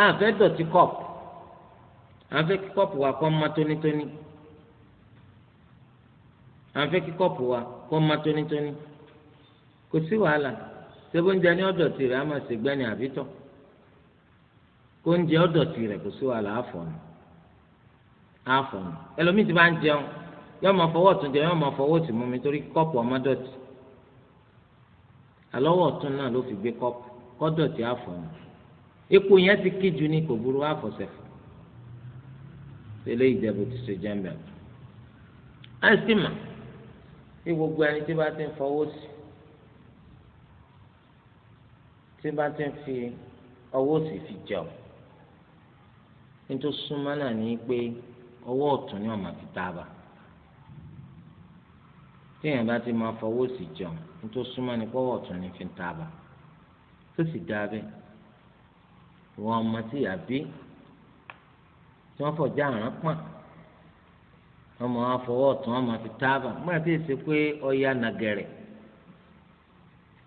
àfẹ́ dọ̀tí kọ́ọ̀pù à ń fẹ́ kí kọ́ọ̀pù wa kọ́ mọ́ tónítóní à ń fẹ́ kí kọ́ọ̀pù wa kọ́ mọ́ tónítóní kò sí wàhálà sẹ́gbóúnjẹ ní ọ̀dọ̀ tirẹ̀ á máa ṣègbẹ́ni àbítọ̀ kó ń jẹ ọ̀dọ̀ tirẹ̀ kò sí wàhálà àfọ̀nù àfọ̀nù ẹlòmíì ti bá ń jẹun yóò máa fọwọ́ ọ̀tún jẹun yóò máa fọwọ́ òsì mú mi torí kọ́ọ̀pù ọmọdọ̀tì alọ́wọ́ ọ̀tún náà ló fi gbé kọ́ọ̀pù kọ́dọ̀tì àfọ̀nù epo yẹn ti kí ju ní kò burú àfọ̀sẹ̀fọ̀ tẹlẹ ìjẹbù ti ṣe jẹmbẹ á sì mà tí gbogbo ẹni tí bá ti ń fọwọ́ sí tí bá ti ń fi ọwọ́ sí fi jẹun nítorí súnmọ́ náà ní pé ọwọ́ ọ̀tún ni ọ̀mà fi tábà tíyẹn bá ti máa fọwọ́ sí jẹun nítorí súnmọ́ ni pọ́wọ́ ọ̀tún ni fi tábà tó sì dáa bẹ́ẹ̀ ọmọ tí yà bí tí wọ́n fọ̀já àrán pọ̀n ọmọ afọwọ́ tún ọmọ fi táàbà máa ti ṣe pé ọya nàgẹ̀rẹ̀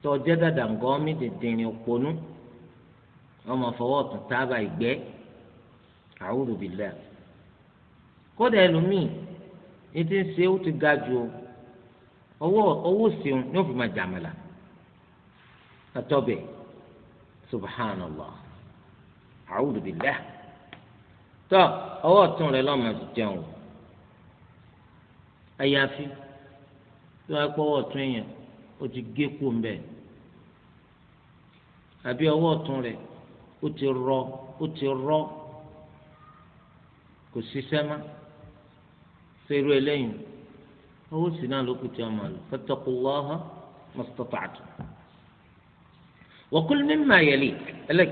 tọ́jẹ́ dàdà ńgọ́ mi dìndìnrín òpónú ọmọ afọwọ́ tún táàbà ìgbẹ́ àwùrù bìlẹ̀ kódà ẹlòmíì ní ti ń ṣe ó ti ga ju ọwọ́ ọwọ́ ṣeun ní òfin máa jàmàlà àtọ́bẹ̀ subhanallah àwùrù tọ́ ọwọ́ ọ̀tún rẹ lọ́mọ ti jẹun o àyàfi tí wọ́n á pọ́ ọwọ́ ọ̀tún èèyàn ó ti gé kú mbẹ́ àbí ọwọ́ ọ̀tún rẹ ó ti rọ ó ti rọ kò ṣiṣẹ́ mọ́ ṣerú eléyìí owó sì náà ló kù tí wọ́n máa lò fattaqullaha mastata'tum wa kul mimma yalik nù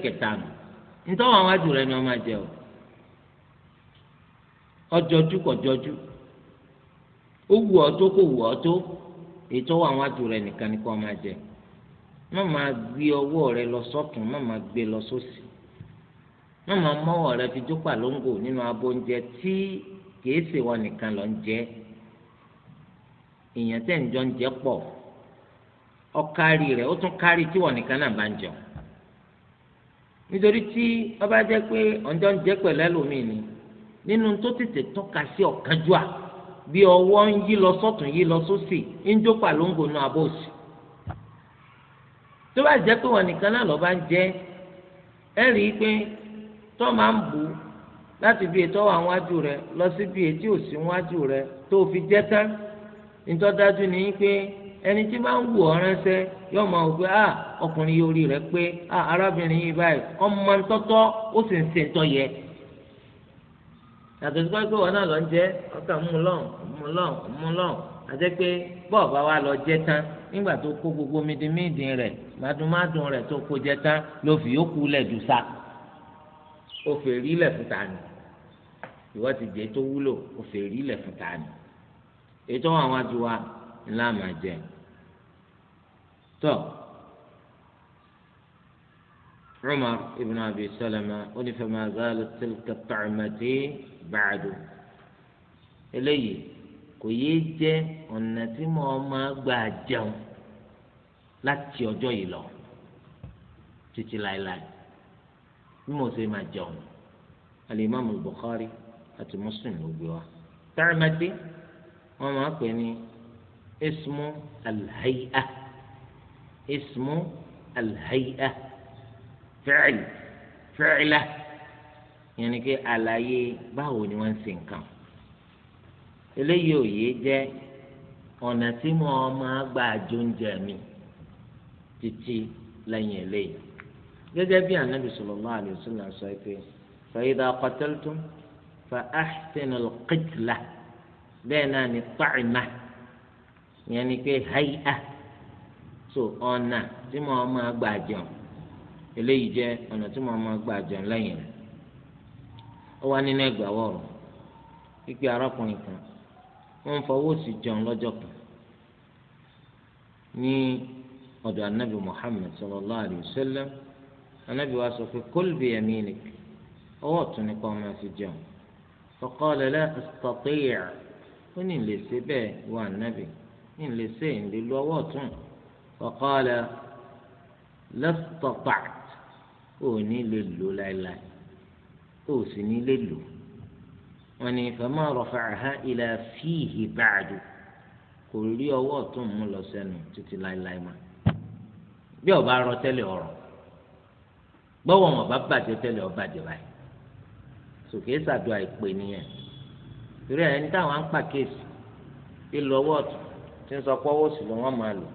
nítorí àwọn àjùrẹ́ ni wọ́n máa jẹ o. ọjọjú kò jọjú ó wù ọ tó kò wù ọ tó ètò àwọn rẹ nìkan ni kò máa jẹ má máa lọ sọtún má máa gbé lọ sósì má máa mọwọ rẹ fi jópa lóńgò nínú abóúnjẹ tí kìí wọn nìkan lọ pọ̀ rẹ ó tún kárí tí wọn nìkan nínú tó tètè tọ́ka sí ọ̀kánjúà bí ọwọ́ lọ sọ́tún yí lọ sósì ń jó pàlóńgò nu àbòsí tó bá jẹ́ pé wọn nìkan náà lọ́ọ́ eri ń jẹ́ ẹ rí i pé máa ń bù ú láti bí ètò wájú rẹ lọ sí bí wájú rẹ tó fi jẹ́ tán ni pé ẹni tí bá ń wù ọ́ ọkùnrin rẹ pé arábìnrin yàtọ̀ sí pé wọn náà lọ ń jẹ ọkà mú lọ́n mú lọ́n mú lọ́n àti pé bọ́ọ̀ bá wa lọ jẹ tán nígbà tó kó gbogbo mídìmídìn rẹ̀ mádùnmádùn rẹ̀ tó kó jẹ tán ló fi yókù lẹ̀ jù sa ó fè rí lẹ̀ fún tani ìwọ́ ti jẹ́ tó wúlò ó fè rí lẹ̀ fún ètò àwọn àjùwà ńlá máa jẹ tọ́. So, عمر بن أبي سلمة قل فما زالت تلك الطعمة بعد إلي كويجة أنتي ماما بعجم لا تيوجو إلو تتي لاي لاي موسى ما جون الإمام البخاري أتي مسلم لو طعمتي وما أكوني اسمه الهيئة اسمه الهيئة fẹ́ẹ̀lì fẹ́ẹ̀lá yẹn ni pé àlàyé báwo ni wọ́n ń ṣe nǹkan eléyìí òye jẹ́ ọ̀nà tí mo máa gba àjọǹjẹ mi títí lẹ́yìn eléyìí gẹ́gẹ́ bí anabi sallallahu alaihi wasallam sọ pé fa idha qataltum fa ahsinul bẹ́ẹ̀ náà ni ta'ima yẹn ni pé hay'a so ọ̀nà tí mo máa gba àjọǹjẹ eléyìí jẹ́ ọ̀nà tí mo máa gbà jọ lẹ́yìn rẹ̀ ó wá nínú ẹgbàáwọ̀ ọ̀rọ̀ pípé arákùnrin kan wọ́n ń fọwọ́ sí jọun lọ́jọ́ kan ní ọ̀dọ̀ anabi muhammed sallallahu alayhi wa sallam anabi wa sọ pé kul bi yaminik ọwọ́ ọ̀tún nípa ọmọ ẹ̀ fi jẹun faqala la astati' ó ní lè ṣe bẹ́ẹ̀ wọ anabi ní lè ṣe ìlú ọwọ́ ọ̀tún faqala la astati' ò ní lè lò láéláé ò sì ní lè lò wọn ni fama rafa'aha ila fihi ba'du kò rí ọwọ́ ọ̀tún mú lọ sẹ́nu títí láéláé mọ́ bí ọba rọ tẹ́lẹ̀ ọ̀rọ̀ gbọ́wọ́ wọn bá bàjẹ́ tẹ́lẹ̀ ọba jẹ báyìí sòkè sàdó àìpé nìyẹn torí ẹni táwọn á ń pàkíyèsí ìlú ọwọ́ ọ̀tún tí ń sọ pé ọwọ́ òsì ló wọ́n máa lò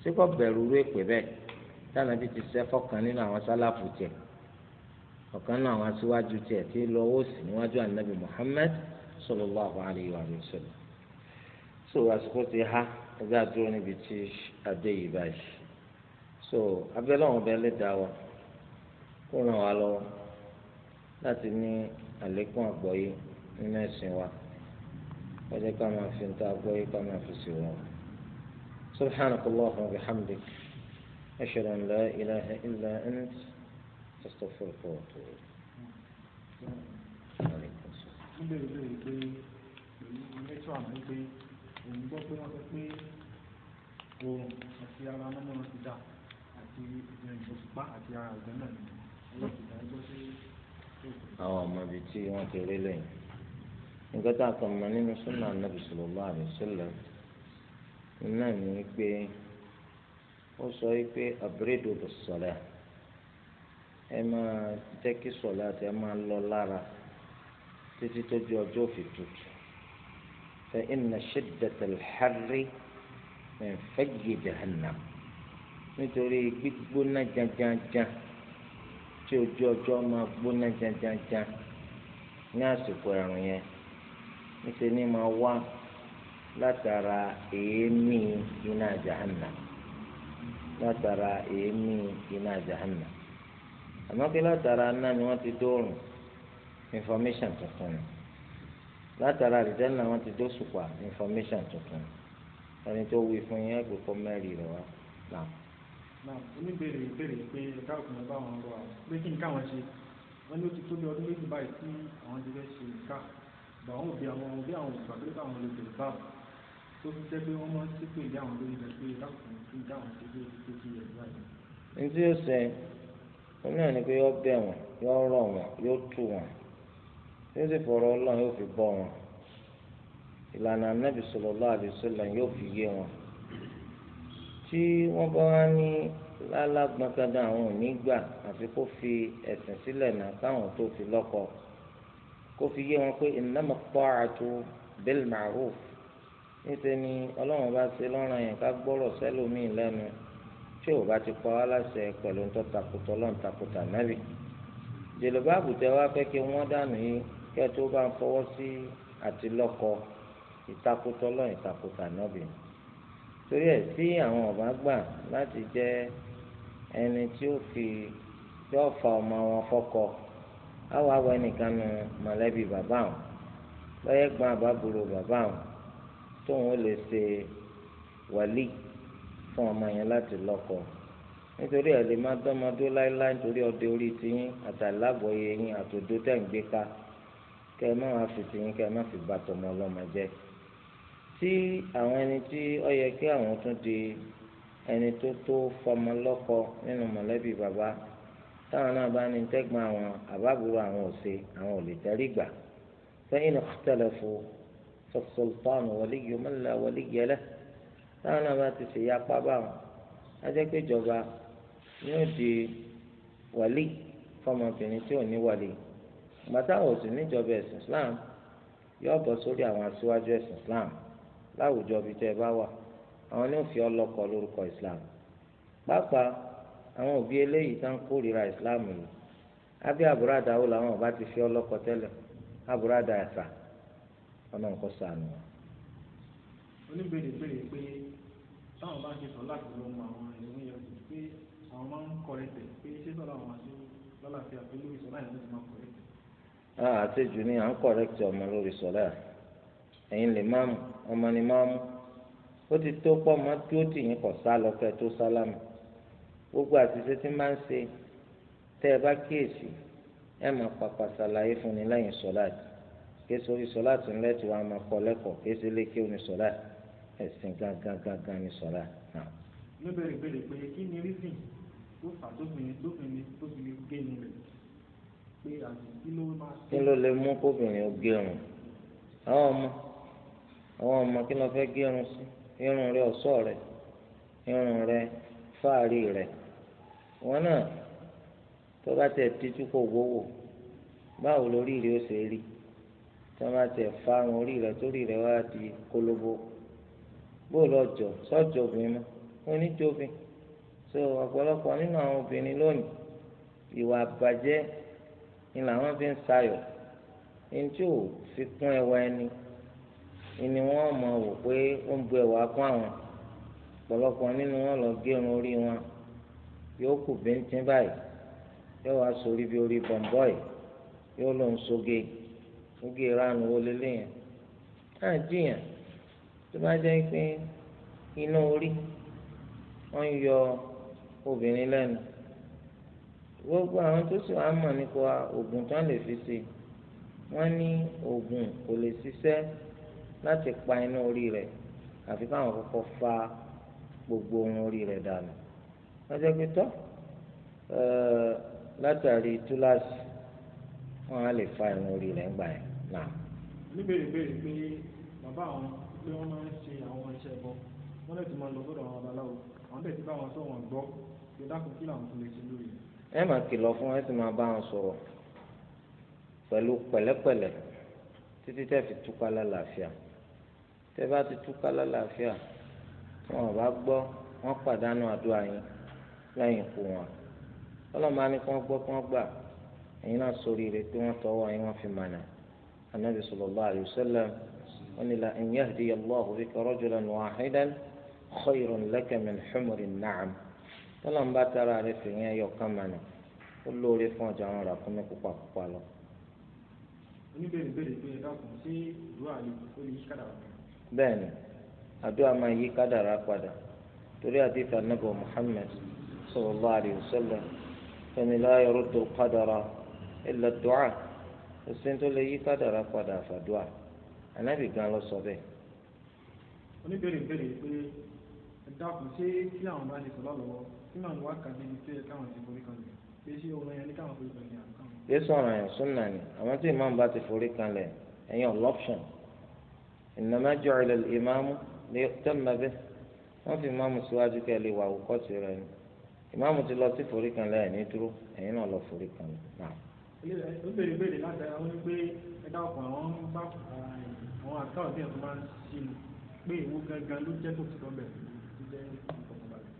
sí bẹ̀rù rú èpè bẹ́ẹ̀ tànàbí ti sẹ́ fọ́kàn nínú àwọn sálàfù tiẹ̀ ọ̀kan náà àwọn aṣíwájú tiẹ̀ tí lọ ó sì níwájú ànábì Muhammad sallallahu alayhi wa sallam so àsìkò ti ha ẹgbẹ́ àdúró níbi tí adé yìí báyìí so abẹ́lẹ́ ọ̀hún bẹ́ẹ̀ lè dá wa kó ràn wá lọ́wọ́ láti ní àlékún àgbọ́yé nínú ẹ̀sìn wa wọ́n jẹ́ ká máa fi ń ta àgbọ́yé ká máa fi sí wọn. سبحانك اللهم وبحمدك أشهد أن لا إله إلا أنت أستغفرك وأتوب àwọn ọmọ ibi tí wọn ti rí lẹ́yìn nǹkan tá a kàn mọ̀ nínú súnà nàbìsọlọ bá àdìsílẹ náà ní pé. ó sọ wípé àbúrédò bò sọlá ẹ máa jẹ́ kí sọlá àti ẹ máa lọ lára títí tó di ọjọ́ òfin tutù fẹ iná ṣẹdẹtẹlẹ hárí ẹ fẹ yìí hànà nítorí gbígbóná janjanjan tí ojú ọjọ́ máa gbóná janjanjan ní àsìkò ẹ̀rùn yẹn níṣẹ́ ni máa wá látara èémí iná jahannam. látara èémí iná jahanna àmọ́ pé látara náà ni wọ́n ti information tuntun ni látara àlìjáná wọ́n ti dóṣùpá information tuntun ni ẹni tó wí fún yín ẹgbẹ́ mẹ́rin rẹ̀ wá náà. oníbèrè ìbéèrè pé ẹ̀ka òkùnrin bá wọn lọ àwọn pé kí ṣe wọn ti tó bí ọdún méjì báyìí tí àwọn ti fẹ́ ṣe bàwọn òbí tó fi jẹ́ pé wọ́n máa ń sípò ìdí àwọn lórí rẹ̀ pé lákùnrin tó ìdí àwọn sípò tó ti yẹ ìlú àná. ní tí yóò sẹ wọn náà ni pé yóò bẹ̀ wọ́n yóò rọ̀ wọ́n yóò tù wọ́n yóò sì fọ̀rọ̀ Ọlọ́run yóò fi bọ́ wọn ìlànà anábì sallallahu alaihi wasallam yóò fi yé wọn tí wọ́n bá wá ní lálágbọ̀nkadà àwọn ò gbà àfi kó fi ẹ̀sìn sílẹ̀ náà káwọn tó fi lọ́kọ kó fi yé wọn pé innama ta'atu bil ma'ruf níṣẹ́ ni ọlọ́run bá ṣe lọ́rùn yẹn ká gbọ́rọ̀ sẹ́lòmíì lẹ́nu tí ò bá ti pa wá láṣẹ pẹ̀lú ń tọ́ takùtọ̀ ọlọ́run takùtà nábì jèlòbá àbùtẹ wa fẹ́ kí wọ́n dànù yín kí ẹ tó bá ń fọwọ́ sí àti lọ́kọ ìtakùtọ̀ ọlọ́run ìtakùtà nábì torí ẹ̀ tí àwọn ọ̀bá gbà láti jẹ́ ẹni tí ó fi yóò fa ọmọ wọn fọ́kọ àwọn awọ ẹnìkan mọ̀lẹ́bí bàbá wọn lọ́yẹ̀gbọ́n àbábúrò bàbá wọn tóun lè ṣe wàlí fún ọmọ yẹn láti lọ́kọ nítorí ẹ lè má dánmọdún láéláé nítorí ọdẹ orí tiyín àtàlágbọ̀yé yín àtòdó tẹ̀ ń gbé ká kẹ má wàá fi tiyín kẹ má fi bàtọ̀ ọmọ ọlọ́mọ jẹ́ tí àwọn ẹni tí ó yẹ kí àwọn tún di ẹni tó tó fọmọ lọ́kọ nínú mọ̀lẹ́bí bàbá táwọn náà bá ní tẹ́gbọ́n àwọn àbábúrò àwọn òsè àwọn ò lè darí gbà fẹ́yìn ní kútẹ́lẹ̀ fún فالسلطان wọlé yomọ́lá wọlé yẹlẹ́ táwọn náà bá ti ṣe ya pábà wọn ajẹ́ pé ìjọba yóò di wàlí fọmọbìnrin tí ò ní wàlí gbàtà òsì níjọba ẹ̀sìn Islam yóò bọ́ sórí àwọn aṣíwájú ẹ̀sìn Islam láwùjọ bíi tẹ́ ẹ bá wà àwọn ní òfin ọlọ́kọ lórúkọ Islam pàápàá àwọn òbí eléyìí tá ń kórìíra Islam yìí abẹ́ àbúradà wo làwọn ọba ti fi ọlọ́kọ tẹ́lẹ̀ àbúradà ẹ̀sà ọlọ́run kó ṣàánú wa. oníbèrè béèrè pé táwọn bá ń ṣe sọlá kò ló mọ àwọn ẹ̀rọ yẹn kò pé àwọn máa ń kọ ẹsẹ̀ pé ṣé sọlá àwọn àti lọ́la fi àbí lórí sọlá yẹn ló ti máa kọ ẹsẹ̀. àtẹ̀jù ni à ń kọ̀rẹ́kìtì ọmọ lórí sọlá ẹ̀yin lè máàmù ọmọ ni máàmù ó ti tó pọ̀ mọ́ tí ó tì yín kọ̀ sá lọ kẹ́ tó sálámù gbogbo àṣìṣe tí máa ń ṣe tẹ́ ẹ bá kíyèsí ẹ máa pàpà ṣàlàyé fún lẹ́yìn sọláàtì kéésì orí sọlá ti ń lẹ́tọ̀ wá máa kọ́ lẹ́kọ̀ọ́ kéésì lékè oní sọlá ẹ̀sìn gángan gángan ní sọlá. ló bẹ̀rẹ̀ bẹ̀rẹ̀ pé kí ni rísìn tó fà tóbìnrin tóbìnrin tóbìnrin gé irun rẹ̀ pé àti kí ló máa. kí ló lè mú kóbìnrin ó gé irun àwọn ọmọ àwọn ọmọ kí ló fẹ́ gé irun sí irun rẹ̀ ọ̀ṣọ́ rẹ̀ irun rẹ̀ fáàrí rẹ̀ wọn náà tó bá tẹ̀ tíjú kò gbówó báwo lórí rẹ̀ ó ṣe rí tí wọ́n bá tẹ̀ orí rẹ̀ torí rẹ̀ wá di kólóbó bóòlù ọjọ́ sọ́jọ́ obìnrin mọ́ oníjọ́bìn so ọ̀pọ̀lọpọ̀ nínú àwọn obìnrin lónìí ìwà àbàjẹ́ ni làwọn fi ń sayọ̀ ẹni ò fi kún ẹwà ẹni ni wọ́n mọ̀ wò pé ó ń bu ẹwà kún àwọn ọ̀pọ̀lọpọ̀ nínú wọn lọ gérun orí wọn yóò kù bíntín báyìí yóò wá sórí bí orí bọ̀m̀bọ́ì yóò lọ ń soge. So oge ìranù wo lélẹ́yìn náà jiyàn tó bá jẹ́ pé iná orí wọ́n yọ obìnrin lẹ́nu gbogbo àwọn tó sì wàá mọ̀ nípa oògùn tó lè fi ṣe wọ́n ní oògùn kò lè ṣiṣẹ́ láti pa iná orí rẹ̀ àfi káwọn kọ́kọ́ fa gbogbo ohun orí rẹ̀ dànù wọ́n jẹ́ pé tọ́ látàrí túláàsì wọn á lè fa irun orí rẹ̀ ńgbà yẹn náà. níbèrè bèrè pé bàbá àwọn pé wọ́n máa ń ṣe àwọn iṣẹ́ bọ́ wọ́n lè ti máa lọ sọ́dọ̀ àwọn babaláwo àwọn dẹ̀ ti bá wọn sọ wọn gbọ́ pé dákun kí làwọn tún lè ṣe lórí rẹ̀. ẹ máa kìlọ̀ fún ẹ sì máa bá wọn sọ̀rọ̀ pẹ̀lú pẹ̀lẹ́pẹ̀lẹ́ títí tẹ́ fi túká lálàáfíà tẹ́ bá ti túká lálàáfíà tí wọn bá gbọ́ wọn pàdánù àdúrà yín lẹ́yìn ikú wọn ọlọ́mọ á ní kí wọ́n gbọ́ kí wọ́n gbà ẹ̀yin náà sórí rẹ̀ pé wọ́n tọwọ́ ẹ̀yin wọ́n fi mànà anabi sallallahu alayhi wa sallam wọ́n ní la an yahdiya Allahu bika rajulan wahidan khayrun laka min humurin na'am tọ́lá ń bá tara rẹ̀ fi yẹn yọ ká mànà ó lóore fún ọjà wọn rà fún mi púpà púpà lọ. bẹ́ẹ̀ni àdúrà máa yí kádàrá padà torí àti ìfànàbọ Muhammad sallallahu alayhi wa sallam fẹmi láyọrọ kádàrá illa du'a òsín tó lè yí kádàrá padà àfàdúà ànábì gan lọ sọ bẹ́ẹ̀. oníbèrè bèrè pé ẹ dákun ṣé kí àwọn bá ṣe sọ lọ́wọ́ kí màmú wá kàdé ní tó yẹ káwọn ti borí kan lẹ̀ pé ṣé òun yẹn ní káwọn borí kan lẹ̀ àbúkà wọn. yéésù ọ̀ràn yẹn súnà ni àwọn tí ìmáàmù bá ti forí kan lẹ̀ ẹ̀yìn ọ̀lọ́pṣọ̀n innama ju'ila al-imamu liyu'tamma bihi wọ́n fi ìmáàmù síwájú kẹ́ lè wà àwòkọ́sí rẹ̀ ni ìmáàmù ti lọ sí forí kan lẹ̀ ní dúró ẹ̀yìn náà lọ forí kan lẹ̀ náà ó béèrè béèrè látara wọn pé ẹ̀dá ọkọ̀ àwọn bá àwọn àtàwọn bí máa ń ṣìlù pé èwo gangan ló jẹ́ tó ti lọ bẹ̀rẹ̀ tó jẹ́ ìfọ̀kànbalẹ̀.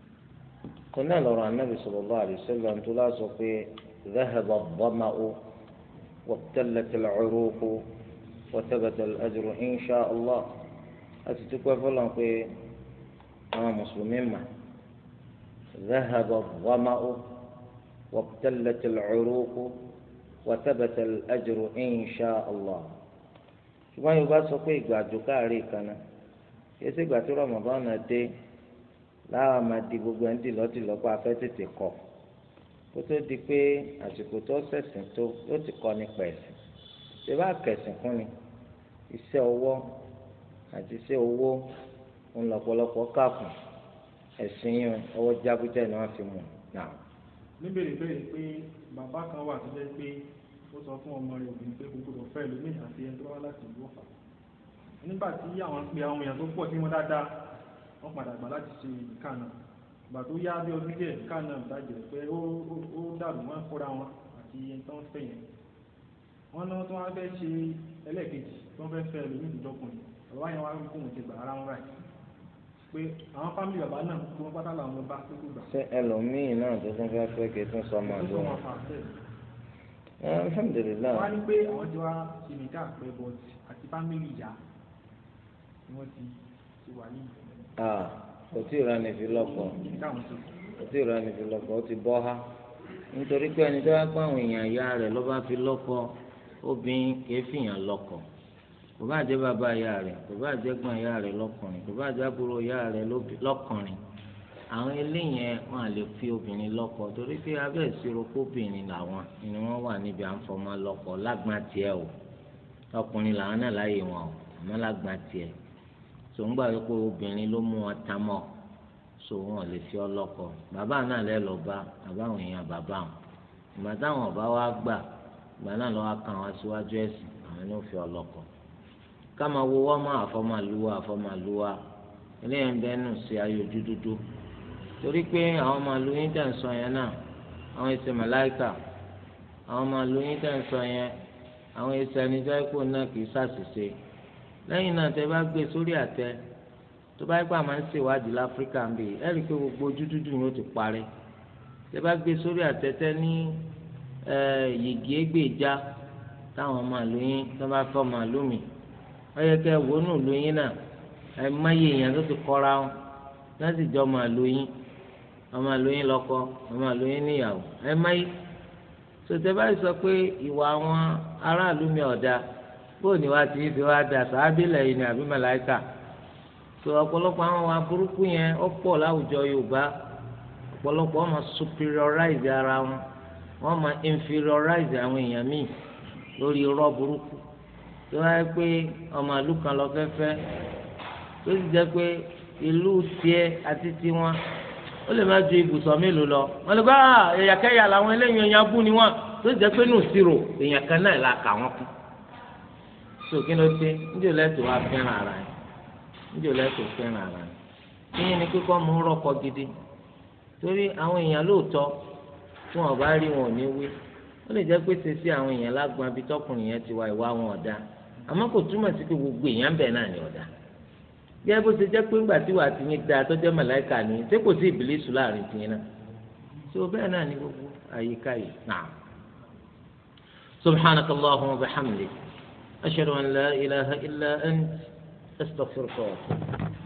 kan náà lọ́rọ̀ anábì sallallahu alaihi wasallam tó láṣọ pé ذهب الظمأ وابتلت العروق وثبت الأجر إن شاء الله أتتكوى فلان pé àwọn mùsùlùmí mà ذهب الظمأ وابتلت العروق وثبت الأجر إن شاء الله ṣùgbọ́n yorùbá sọ pé ìgbà àjò káàárẹ̀ ìkànnà yẹsẹ̀ ìgbà tí rọmọbọ́n náà dé láwọn máa di gbogbo ẹni dìlọ́ dìlọ́ pa afẹ́ tètè kọ̀ kó tó di pé àsìkò tó ṣẹ̀sìn tó yóò ti kọ́ nípa ẹ̀sìn ṣé bá kẹ̀sìn fún ni iṣẹ́ ọwọ́ àti iṣẹ́ owó ń lọ́pọ̀lọpọ̀ káàkùn ẹ̀sìn yìí ọwọ́ jágújẹ́ ni wọ́n fi mú un náà. níbèrè bẹ́ẹ̀ pé bàbá kan wà tó jẹ́ pé ó sọ fún ọmọ rẹ̀ obìnrin pé kókó lọ fẹ́ lómi àti ẹni tó wá láti ìlú ọ̀fà nígbà tí àwọn pe àwọn èèyàn tó pọ̀ sí wọn dáadáa wọ́n padà gbà láti ṣe ìka náà ìgbà tó yá bí ọdún díẹ̀ ìka náà dájẹ́ pé ó dàrú wọn fúnra wọn àti ẹni tó ń fẹ́ yẹn wọ́n náà tó wọ́n fẹ́ ṣe ẹlẹ́ẹ̀kejì tó wọ́n fẹ́ fẹ́ lómi ìdúdọ́kùnrin bàbá yẹn wá ń kóhun ti gbà ara wọn ráì pé àwọn fámìlì bàbá náà tó wọ́n pátá làwọn bá tó gbà. ṣé ẹlòmíì náà tó tún fẹ́ fẹ́ kí tún sọ máa Eh, alhamdulilayi. wọ́n á ní pé àwọn tí wá ṣe nìkan pé bọ́ọ̀t àti fámìlì ìyá ni wọ́n ti ti wà ní ìlú. Ah, kò tí ì rani fi lọ́kọ̀ kò tí ì rani fi lọ́kọ̀ ó ti bọ́ ha nítorí pé ẹni tó bá pa àwọn èèyàn ìyá rẹ̀ ló bá fi lọ́kọ̀ obìnrin kìí fìyàn lọ́kọ̀ kò bá jẹ́ bàbá ìyá rẹ̀ kò bá jẹ́ gbọ́n ìyá rẹ̀ lọ́kùnrin kò bá jẹ́ àbúrò ìyá rẹ̀ lọ́kùnrin àwọn eléyẹn wọn à lè fi obìnrin lọ́kọ torí pé abẹ́ ìṣirò kóbìnrin làwọn ni wọ́n wà níbi à ń fọmọ lọ́kọ lágbọ́n tiẹ̀ o ọkùnrin làwọn náà láàyè wọn o àmọ́ lágbọ́n tiẹ̀ tó ń gbà pé obìnrin ló mú wọn ta mọ́ so wọn lè fi ọ lọ́kọ bàbá náà lẹ́ lọ bá bàbá àwọn èèyàn bàbá wọn ìgbà táwọn ọba wa gbà ìgbà náà lọ́wọ́ kan wá síwájú ẹ̀sìn àwọn ni ó fi ọ lọ́kọ ká máa wo wọ́n máa àfọmọ́ àlùwà àfọmọ́ àlùwà eléyàn bẹ́ẹ̀ nù sí ayé ojú dúdú torí pé àwọn ọmọ lóyún tẹ̀ ń sọ yẹn náà àwọn ẹsẹ̀ màláìkà àwọn ọmọ lóyún tẹ̀ ń sọ yẹn àwọn ẹsẹ̀ anidọ́ẹ́kọ̀ náà kì í ṣàṣìṣe lẹ́yìn náà tẹ bá gbé sórí àtẹ tó bá gbà máa ń ṣèwádìí láfíríkà ń bè ẹ rí i pé gbogbo ojú dúdú ni ó ti parí tẹ bá gbé sórí àtẹ tẹ ní yìgì égbèjà táwọn ọmọ àlóyìn tó bá fẹ́ ọmọ àlómi ó yẹ kẹ́ lóyìn náà ẹ máyé èèyàn tó ti kọ́ra wọn láti jọ ọmọ àlóyìn ọmọ àlóyìn lọ́kọ ọmọ àlóyìn níyàwó ẹ máyé sọtẹ báyìí sọ pé ìwà àwọn aráàlú mi ọ̀dà bóòní wa ti fi wá da sàábì lẹ́yìn ní àbí màláìkà tó àwọn wa burúkú yẹn ó pọ̀ láwùjọ Yorùbá wọn máa superiorize ara wọn wọn máa inferiorize àwọn èèyàn míì lórí burúkú tó wáyé pé ọmọ àlú kan lọ tó pé o lè má ju ibùsọ̀ mélòó lọ wọn lè gbọ́ à ah, èèyàn kẹ́yà làwọn eléyìí èèyàn bú ni wọn tó jẹ́ pé nù sírò èèyàn kan náà la kà wọ́n kú. so kí ló dé níjò lẹ́tọ̀ wá fẹ́ràn ara yẹn níjò lẹ́tọ̀ fẹ́ràn ara yẹn kí ni kíkọ́ mú rọ́kọ gidi torí àwọn èèyàn lóòótọ́ tí wọn bá rí wọn ò ní wí ó lè jẹ́ pé ṣèṣì àwọn èèyàn abitọ́kùnrin yẹn ti wá ìwà wọn ọ̀dà àmọ́ kò túmọ̀ sí gbogbo èèyàn bẹ̀ náà gẹ́gẹ́ bó ṣe jẹ́ pé ńgbà tí wàá ti yín da tọ́jọ́ màláìka ni ṣé kò sí ìbílísù láàrin ti náà ṣé o bẹ́ẹ̀ náà ní gbogbo àyíká yìí náà. subhanaka allahumma wa bihamdik ashhadu an la ilaha illa ant astaghfiruka